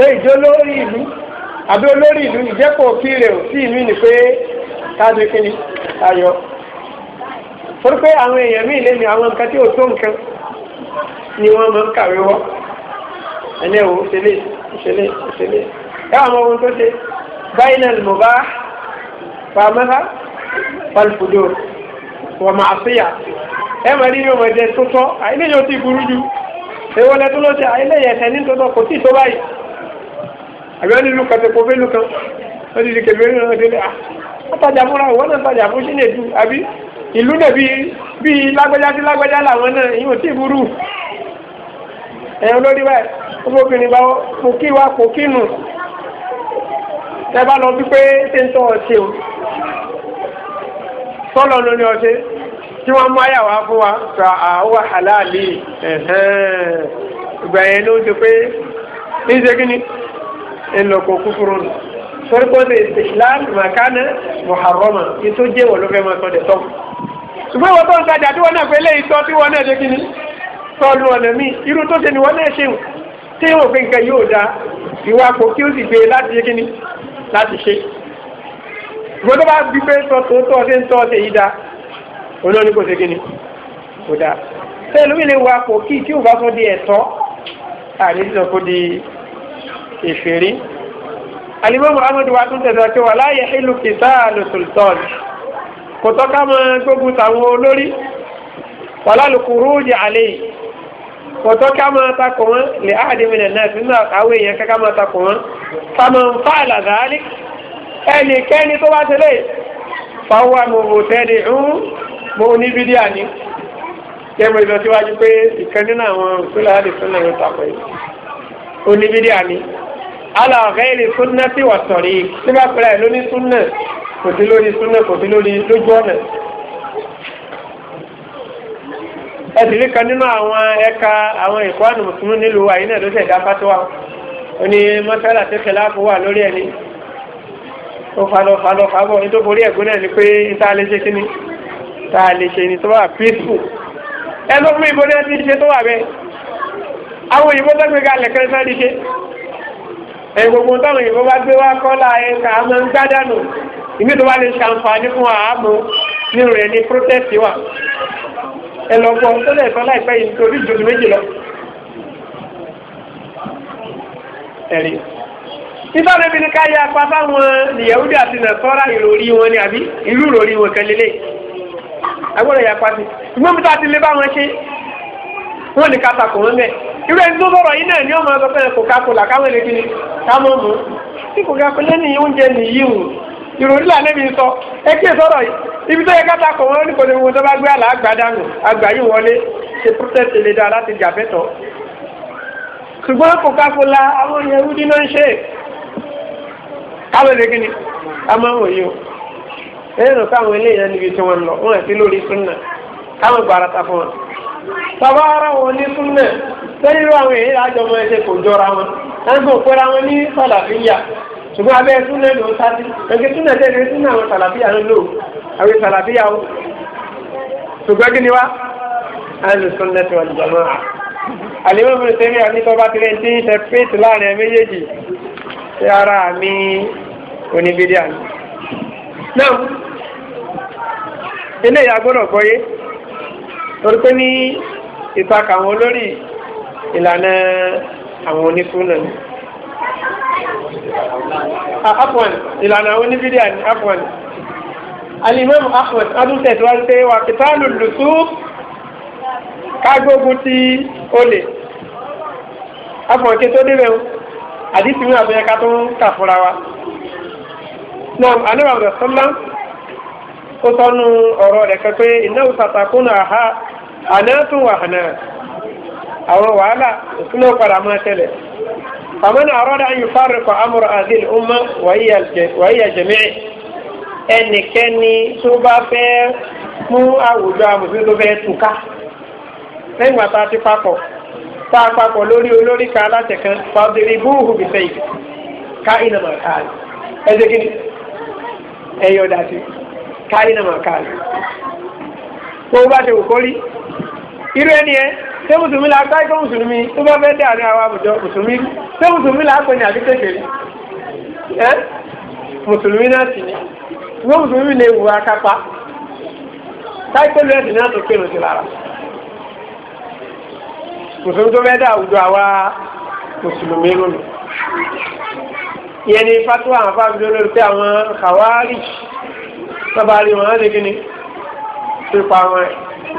pé ìjọ lórí ìlú àbí olórí ìlú ìjẹ́pọ̀ kí rẹ̀ ò sí ìmí ni pé káàdì kíni ayọ̀ torí pé àwọn èèyàn míì lé ní àwọn nǹkan tí ò tó nǹkan ni wọ́n máa ń kàwé wọ́ ẹni ẹ̀wò ìṣẹ̀lẹ̀ ìṣẹ̀lẹ̀ ìṣẹ̀lẹ̀ ẹ àwọn ohun tó ṣe bainal mubah famaha falfudo wa ma'asiya ẹ máa rí ní ọmọdé tó tọ́ àìlẹ́yìn ó ti burú ju ewọ́lẹ́ tó lọ́ọ́ ṣe àìlẹ́yìn ẹ̀sẹ̀ ní tó tọ́ kò tí ì báyìí àbí wọn nílùú kan tó kó fẹ́lú kan wọn ti di kẹfẹ́ náà délé à wọn tajà fúnra wọn náà tajà fún sínú ètò àbí ìlú náà bíi bíi lágbájá sí lágbájá làwọn náà ìyóò tí burú ẹ̀yàn lórí báyìí ọmọbìnrin bá kò kí wa kò kí nù ẹ bá lọ bí pé ṣe ń tọ́ ọ ṣe o sọ́lọ́ ló ní ọ ṣe tí wọ́n mú àyàwó fún wa sọ àwọn àlàálì ẹ̀hẹ́n ìgbà yẹn ló ń ṣe pé ń ṣe kí ni ẹlọ́kọ̀ kúkúrú nù torí kó ṣe islam makana muharrama ètò jẹ́ wọ̀ ló fẹ́ máa sọdẹ̀ tọ́ ṣùgbọ́n wọ́n tó ń tajà tí wọ́n náà fẹ́ léyìí tọ́ tí wọ́n náà ṣe kíni tọ́lu ọ̀nà míì irú tó ṣe ni wọ́n náà ṣe wù tí wọ́n fi nǹkan yóò da ìwà kò kí ó sì gbé láti ṣe kíni láti ṣe ìwọ́n tó bá bí pé sọ tòótọ́ ṣe ń tọ́ ṣe yìí da òun náà ní kò ṣe kíni kò dáa tẹ́lú ilé wa kò kí tí ò bá sọ di ẹ̀tọ́ àdéhùn kò di kèfèrí alimọ́ muhammed wa tún tẹ̀sán pé wà láàyè ìlú kìsà lùsùlùtọ́n kò tọ́ka mọ́ gbógun tàwọn olórí wà lálùkùrú jẹ́ àlẹ́ yìí kò tọ́ka mọ́ takò wọn lè áàdìmínà náà sínú àwọn èèyàn kẹ́kà mọ́ takò wọn fàmọ́ nfa àlàzàálì ẹnikẹ́ni tó bá tẹ̀lé fáwọn mọ̀mọ́tẹ́ni ń mọ́ oníbídíà ni kẹ́mọ̀ ìlọsíwájú pé ìkan nínú àwọn òṣèlú àdìsọ́nà yóò takò yìí oníbídíà ni ala ghairi sunnati wa tariq tí bá pẹ̀lẹ́ lóní súnà kò sí lórí súnà kò sí lórí lójú ọ̀nà. ẹ sì rí kan nínú àwọn ẹ̀ka àwọn ìkọ́nù mùsùlùmí nílùú wa yìí náà ló ṣẹ̀ dá fatuwa ó ní mọ́sálà tó kẹlẹ́ àpò wà lórí ẹni ó falọ falọ fàbọ̀ nítorí ẹ̀gbọ́n náà ni pé tá a lè ṣe kíni tá a lè ṣe ni tó wà peaceful ẹ ló fún ìbọn náà ti ṣe tó wà bẹ́ẹ̀ àwọn òyìnbó tó gbé ga lẹ̀kẹ́rẹ́ náà ti ṣe. ẹ gbogbo táwọn èèyàn bá gbé wá kọ́lá ẹ kà á máa ń gbádànù ìmí tó bá lè ṣàǹfààní fún àámú nínú rẹ̀ ní protest wà ẹ lọ gbọ́ tó lè sọ láìpẹ́ yìí nítorí ìjọba méjì lọ. ẹ̀rí nígbà tó bíi ká yá apá táwọn Yahudi àti Nasara ìròrí wọn ni àbí ìlú ìròrí wọn kan lélẹ̀ agbọ́dọ̀ yà apá sí ìgbọ́n mi tó àti lé ṣe wọ́n ní ká takò wọn irú ẹni tó sọ̀rọ̀ yìí náà ni ọmọ ẹgbẹ́ fẹ́ Coca-Cola káwọn èlé kí ni káwọn mú tí Coca-Cola ní oúnjẹ nìyí o ìròyìn là níbi sọ ẹ kí sọ̀rọ̀ yìí ibi tó yẹ ká takò wọn ní kòtò ìwọ̀n tó bá gbé àlà àgbàdànù àgbàyìn wọlé ṣe protest lè dáa láti jà fẹ́tọ̀ ṣùgbọ́n Coca-Cola àwọn yẹ̀wù dín náà ń ṣe káwọn èlé kí ni káwọn wòye o ẹ̀yẹ́ nù káwọn eléyìí níbi tí wọ́n lọ wọ́n ẹ̀ sí lórí sunna káwọn gbàrà ta fún wọn bàbá ara wọn ní súnmọ́ lórí irú àwọn èyí lájọ ọmọ ẹsẹ̀ kò jọra wọn ẹgbẹ́ òpẹ́ra wọn ní sàlàfíà ṣùgbọ́n abẹ́ súnmọ́ ló ń sáájú ẹgbẹ́ súnmọ́ tẹ̀lé súnmọ́ àwọn sàlàfíà ń lò àwọn sàlàfíà ó ṣùgbọ́n kí ni wá alùsùnmọ́ tí wọ́n jọ náà àlèmọ́ mi tẹ́lé àmì tó bá tilẹ̀ tí ń ṣe pèsè láàrin méjèèjì tí ara mi oníbídíà náà ilé ìyá gbọ́dọ̀ gbọ́yé torí pé ní ìtakà àwọn olórí ìlànà àwọn onífúnà ni. Ah, afwan ìlànà àwọn onífídíà ni afwan alimami ahmed adúntẹ̀tì wá pé wà kìtàlù lùsù kágbógun ti olè afwan kí tó débẹ̀ àdìsí mi àbúyẹ ká tó ń kà fúnra wa. náà anábàbà sọ́lá ó sọnù ọ̀rọ̀ rẹ̀ kan pé ìnáwó sàtàkùnà àhá àná tún wà hànà àwọn wàhálà ìsúná padà máa tẹ̀lẹ̀. fàmọ́nà àrọ́dà ń yufarriqa amra àdìl umma wàyíyà jẹ̀mí ẹnikẹ́ni tó bá fẹ́ mú àwùjọ àmùsùn tó fẹ́ túká lẹ́yìn ìgbà tá a ti papọ̀ tá a papọ̀ lórí olórí ka aláṣẹ kan fàdìrí búhù bìtẹ́yì ká ìnàmọ̀ káàdì ẹ káyé na máa káyé gbogbo bá ti wù irú ẹni ẹ ṣé mùsùlùmí la gbá ẹgbẹ́ mùsùlùmí tó bá fẹ́ dàrí àwa àwùjọ mùsùlùmí ṣé mùsùlùmí la pè ní àbí kékeré ẹ mùsùlùmí náà sì ni ìwé mùsùlùmí lè wù akápá káyipẹ́ lóyè sì náà tó kéwòn sí lára mùsùlùmí tó fẹ́ dà àwùjọ àwa mùsùlùmí lónìí ìyẹn ni fatuwa àwọn fáwọn lórí pé àwọn kàwárí tọ́ba rí wọn lè kíni pípa wọn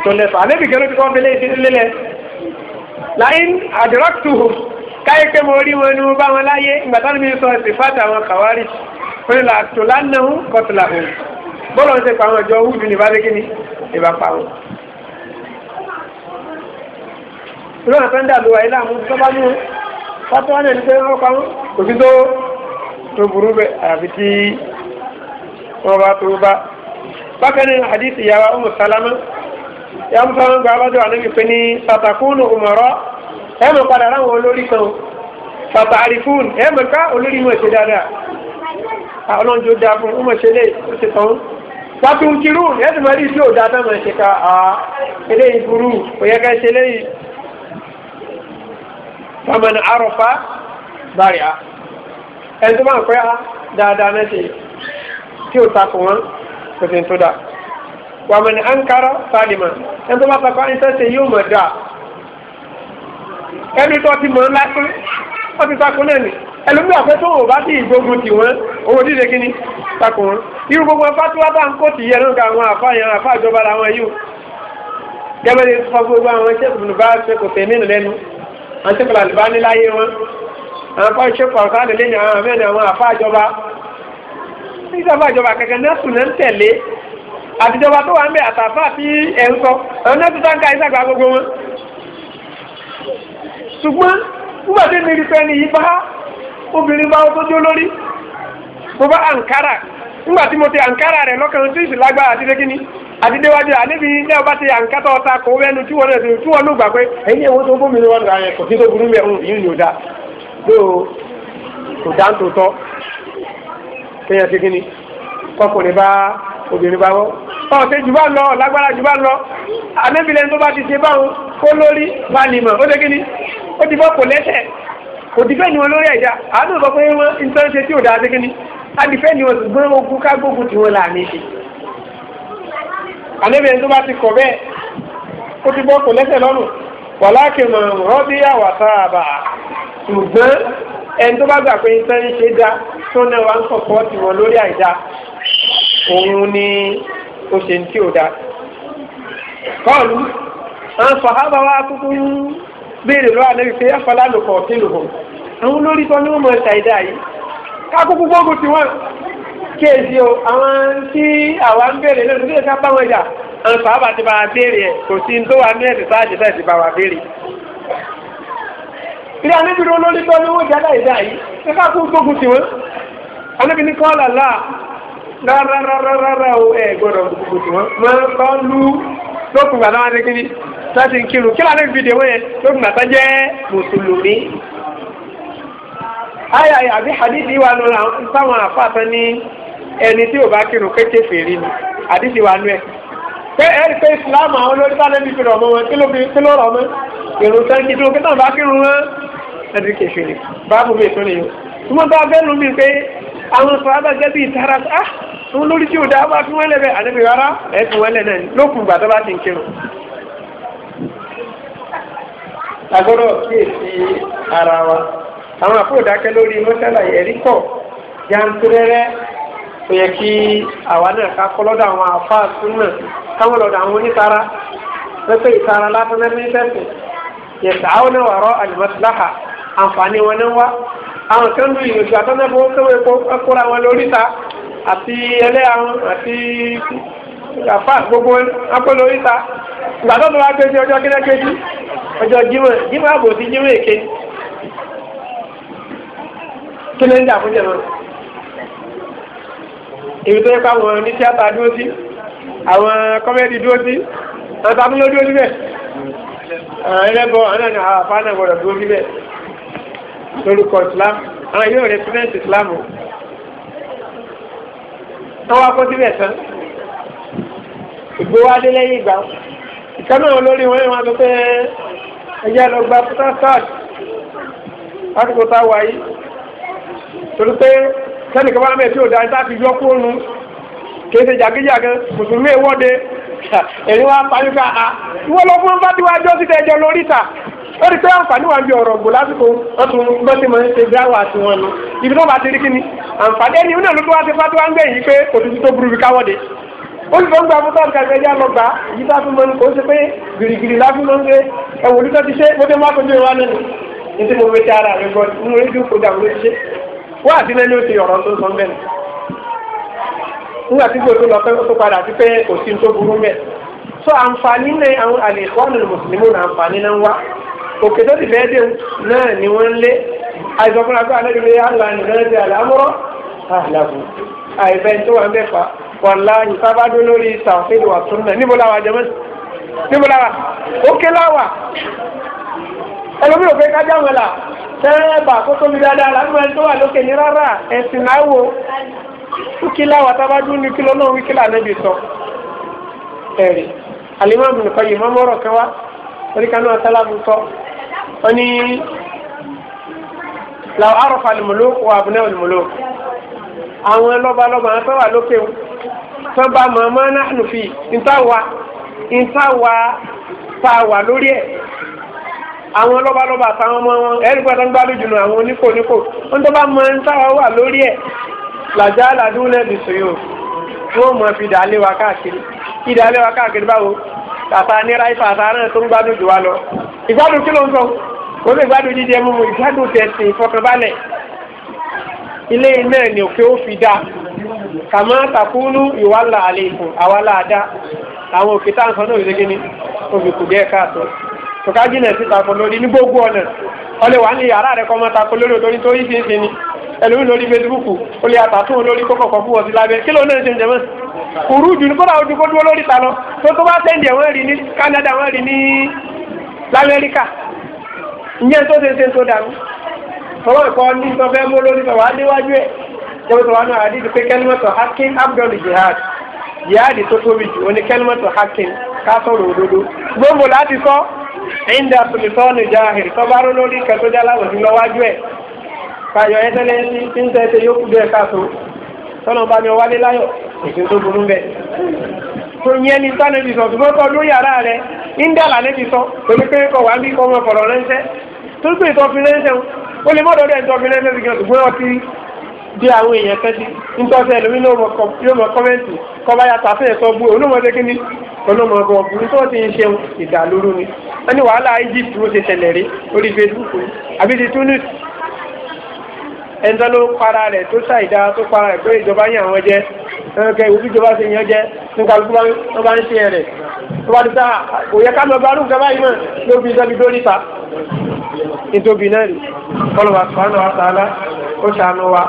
tó lẹ́fà àlébi kẹ́ló ti kọ́ fẹ́lẹ́ ìdílélẹ̀ láyín àdúrákùtù káyé pé mo rí wọn ni mo bá wọn láyé ìgbà tó mi sọ ìfàtà àwọn kàwárì fúnni là tó lánàá kọ́tùlà òun bọ́lọ̀ ń ṣe pa àwọn ọjọ́ húdù ní ìbálẹ́ kíni ìbá pa wọn. ìlú àwọn fẹ́ńdà ló wà ilé àmú tó bá mú pátá wọn ní ẹni pé wọ́n pa wọn kò sí tó burú bẹ́ẹ̀ àyàfi tí wọn bá tó bá bákan nínú hadithi yàrá ọmọ sálámà yàrá ọmọ sálámà gba abájọ ànábì pé ní sàtàkùnù umara ẹ mọ̀ padà ráwọn olórí kan fàtà àrífún ẹ mọ̀ ká olórí mọ̀ ṣe dáadáa àwọn ọjọ́ dáa fún ọmọ ṣe lè ṣe tán wàtún kírún ẹ ti mọ̀ rí sí mọ̀ ṣe ká à eléyìí burú kò yẹ ká ṣe léyìí faman arọfa bàrìà ẹni máa ń pẹ́ tí ó takò wọn kò sí tó da, wà mọ̀ ní ankara sálìmà ẹni tó bá takò àìsẹ́sẹ̀ yóò mọ̀ dà ẹni tó ti mọ̀ lásán wọ́n ti takò náà ni ẹlòmíì àfẹ́ tó wò bá sí ìgbógun tì wọ́n owó dídé kínní takò wọn irú gbogbo fatuwa bá ń kó tì yẹ náà àwọn àfa yẹn àfa ìjọba làwọn yìí gẹ́gẹ́ bí fọ́ gbogbo àwọn ṣẹ́kùn bá ṣẹ́kùn tèmi nù lẹ́nu àwọn ṣẹ́kùn làlùbá wọn àwọn afá ìṣẹ́kùn àkàlẹ̀ lẹ́yìn àwọn àmẹ́ni àwọn àfa ìjọba sí sábà ìjọba kankan náà náà ń tẹ̀lé àtijọba tó wà ń bẹ àtàfà tí ẹ̀ ń sọ ẹ̀rọ náà tún sáńkà ìsàgbà gbogbo wọn. ṣùgbọ́n nígbà tí mi rí fẹ́ ni bá obìnrin bá tó dé olórí mo bá nígbà tí mo ti rẹ̀ lọ́kàn tí ìsìn lágbára àti lẹ́kìnní àti déwájú àlébi ilé ọba ti àǹkátà ọta kò wẹ́nu tí wọ́n tí kéèyàn ṣe kíni kọkùnrin bá obìnrin bá wọ́ ọ̀ ṣe jù bá lọ lágbára jù bá lọ anábìlẹ̀ tó bá ti ṣe báwọn kó lórí pálímọ̀ ó ṣe kíni ó ti bọ́ kò lẹ́sẹ̀ kò dìfẹ́ ni wọn lórí ẹ̀já àánú sọ pé wọ́n ń tọ́ ṣe tí ò dáa ṣe kíni adìfẹ́ ni wọn ṣùgbọ́n ogun ká gbógun tí wọn là ní ṣe anábìlẹ̀ tó bá ti kọ̀ bẹ́ẹ̀ ó ti bọ́ kò lẹ́sẹ̀ lọ́rùn wàláàkì mọ̀ rọ́bíyà ṣùgbọ́n ẹni tó bá gbà pé ń tán ṣe dáa tó náà wá ń sọ̀pọ̀ tí wọn lórí àìdá òun ni ó ṣe ń tí ò dá. kọ́ọ̀lù àwọn sọ̀hábà wa kúkú ń béèrè lọ́wọ́ àlẹ́ wípé afọlá ló kọ̀ kí ló hàn àwọn olórí tó ní wọn mọ ṣàìdá yìí kákúkú gbógun tí wọn kéèsì o àwọn tí àwa ń béèrè lónìí tó yẹ ká bá wọn ti bá wa béèrè ẹ̀ kò sí ní tó wà ní ẹ̀sìn ilé anábìrin olórí tó ní owó ìjà dáìdá yìí nípa kó gbógun tì wọ́n anábìrin kọ́ làlá rárárárárá o ẹ̀ gbọ́dọ̀ gbógun tì wọ́n máa ń bá lu lókun gbàdá wọn ní kíni láti ń kírun kí làlẹ́ fìdí wọ́n yẹn lókun gbàdá jẹ́ mùsùlùmí. ayà àbí hadithi wa nù táwọn àfàtàn ní ẹni tí ò bá kírun kékeré fèrè ni hadithi wa nù ẹ̀ pé ẹni pé islam àwọn olórí bá lẹ́bi fi rọ̀mọ́ wọn kí ló rọ̀ mọ́ ìrùn tán kí ló kí tàn bá kírun wọn ẹni kèfì rè báàbù mi ìtúni yìí túmọ̀ tó abẹ́ nu mi pé àwọn sọ abẹ́jẹ́ bíi tara ah wọn lórí tí o dá wá fún wọn lẹ́bẹ̀ àdébí rárá ẹ̀ fún wọn lẹ́ náà lókùn gbàdọ́ bá ti ń kírun. agbọ́dọ̀ kíyèsí ara wa àwọn àpò ìdákẹ́ lórí mọ́sálà o yẹ kí àwa náà ká kọ́ lọ́dọ̀ àwọn àfáà tún náà káwọn lọ́dọ̀ àwọn onítara pẹ́pẹ́ ìtara látọ̀ náà ní sẹ́sìn yẹ̀sà àwọn náà wàrọ̀ àlùmọ́síláhà àǹfààní wọn náà wá àwọn kan lu ìrìnàjò àtọ́nàbọ̀ kẹwé kóra wọn lórí ta àti ẹlẹ́yà wọn àti àfáà gbogbo akọ́ lórí ta gbàdọ́ tó wá kéjì ọjọ́ kéjì ọjọ́ ibi tó yẹ kó àwọn oníṣẹ́ta dúró sí àwọn kọ́mẹ́dì dúró sí àwọn tàbí ló dúró síbẹ̀ àwọn ẹlẹ́bọ àwọn àna àfáànà gbọ́dọ̀ dúró síbẹ̀ lórúkọ Islam àwọn yóò rẹ sílẹ̀ǹsì Islam o wọ́n wá kó síbẹ̀ tán ìgbówó adé lẹ́yìn ìgbà ìkànnì àwọn olórí wọn yẹn wọn sọ pé ẹjẹ lọ gba pátá sáàtì láti kó tá torí pé kẹ́nì kan bá mẹ́ẹ̀ tí ò dáa táà fi yọ kó nu kéde jàgíjàgan mùsùlùmí ìwọ́de èyí wá pàyíká a wọ́n lọ fún fàdíwá jọ sí ẹjọ́ lórí ta ó rí pé àǹfààní wà ń bí ọ̀rọ̀ gbò lásìkò ọtún bọ́sí mọ̀ ń ṣe dáwà àti wọn nu ibi tó bá ti rí kí ni àǹfààní ẹni náà ló tó wá ti fàdíwá ń gbẹ̀yìn pé kò tuntun tó burú bí káwọ́de olùfẹ́ ń gba fún tọ́ọ̀kì àti ẹja lọ gbà yìí tá a fún mọ́ ní kò ó ṣe pé gìrìgìrì láfún ló ń gbé ẹ̀wò olùkọ́ ti ṣe bó ṣe má kojú ìwà nínú wá àti lẹ́ni ó ti ọ̀rọ̀ tó sọ bẹ́ẹ̀ nígbà tí gbogbo lọ pé ó tó padà sí pé kò sí tó burú mẹ́ so àǹfààní náà àwọn àlèkọ́nù mùsùlùmí náà àǹfààní náà ń wá òkè tó ti fẹ́ dé náà ni wọ́n ń lé àìsọ̀kùn àgbà alẹ́gbẹ̀rẹ́ yàrá nìkan ti àlámọ́rọ́ àlàbù àìfẹ́ tó wà ń bẹ̀ fà wàláyé sábàdó lórí tàfíìlì wà tún náà níbo làwà jẹ́mọ́ níbo làwà òkè làwà ẹlòmíràn pé kájà wọn là tẹ́ẹ̀bà kó tóbi dáadáa lágbàá tó wà lókè ní rárá ẹ̀sìn láwo kíkílà wàtábájú ní kílọ̀ náà wí kílà níbi sọ. ẹ̀rì alimami nìkan yìí mọ́mọ́rọ̀ kan wá oríkanú ọ̀sálàbù sọ ọ ní làwọn arọ̀fà lùmùlò wà abúlé lùmùlò àwọn lọ́balọ́ba àwọn tó wà lókè tó bá mọ̀ọ́mọ́ náà nù fi ìtawà ìtawà tá a wà lórí ẹ̀ àwọn lọ́balọ́ba àtàwọn ọmọ wọn ẹ̀rí gbọ́dọ̀ ń gbádùn jùlọ àwọn oníkòníkò ń tó bá mọ ń táwa wà lórí ẹ̀ làjá làdúró lẹ́bi sòyò wọ́n mọ̀ fi ìdálé wa káàkiri ìdálé wa káàkiri báwo tàtà ní ráìfà àtàrà tó ń gbádùn jù wá lọ ìgbádùn kí ló ń sọ kò lè gbádùn jíjẹ mímu ìgbádùn tẹ̀sìn ìfọkànbalẹ̀ ilé iná ni òkè ó fi dá kàmá takúlù ìwà làálẹ̀ ìfún àwa láàdá àwọn òkè táǹsán náà ò tòká jìnà sí tako lórí ní gbogbo ọ̀nà ọlẹ́ wà ní yàrá rẹ̀ kọ́ mọ́ tako lórí lórí tó ni ẹlòmí lórí Facebook ó lè àtàtún lórí kókò kan fún ọtí lábẹ́ kí ló náà ṣe ń jẹmọ́ kùrú jù ní kódà ojú kó dúró lórí ta lọ tó tó bá sẹ́ndì ẹ̀wọ̀n rí ní Canada wọ́n rí ní lamẹ́ríkà ìyẹn tó ṣe ṣe tó dàrú tọ́wọ́ ìkọ́ ní sọ fẹ́ mú lórí sọ wà á déwájú ẹ̀ jẹ́wọ́ sọ wà náà àdídì pé kẹ́límọ̀tọ̀ hakim abdul jihad jihad tó tóbi jù ó ní kẹ́límọ̀tọ̀ hakim ká sọ̀rọ̀ òdodo gbogbo láti sọ ẹ̀yìndà sùlùsọ́ọ̀nù jáhìrì tọ́bárú lórí kẹtọ́jà láwùjọ lọ́wájú ẹ̀ fàyọ̀ ẹ̀tẹ́lẹ̀ tí ń tẹ́tẹ́ yókù bẹ́ẹ̀ káàtó ní ọ wálé láyọ̀ èsì tó burú bẹ́ẹ̀. tó yẹn sọ ṣùgbọ́n kọ́ lórí ara rẹ̀ la tó ń o bí àwọn èèyàn kan ti ń tọ́sẹ̀ ẹ̀lómi yóò mọ kọ́mẹ́ǹtì kọ́ba yàtọ̀ àfẹ́yẹ̀ sọ bú olómọdé kíní olómọbọ ọkùnrin tó ti ń ṣeun ìdàlúrú ni wọ́n ní wàhálà Egypt ló ṣe ṣẹlẹ̀ rí orí Facebook ni àbí ti Tunis ẹ̀ńtọ́ ló para rẹ̀ tó ṣàìdá tó para rẹ̀ pé ìjọba yín àwọn jẹ́ ẹ̀ńkẹ́ ìwé ìjọba ṣe yẹn jẹ́ nípa ló bá ń ṣe rẹ̀ tó bá ti sá kò yẹ ká lọ bá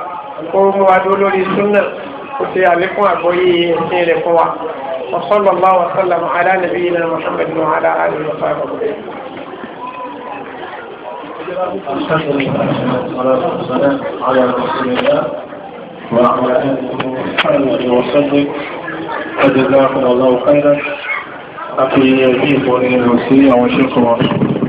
وصلى الله وسلم على نبينا محمد وعلى اله وصحبه اجمعين. الحمد لله والسلام على رسول الله وعلى اله وصحبه وسلم جزاكم الله خيرا أخي يزيد ولي الوسيلة الله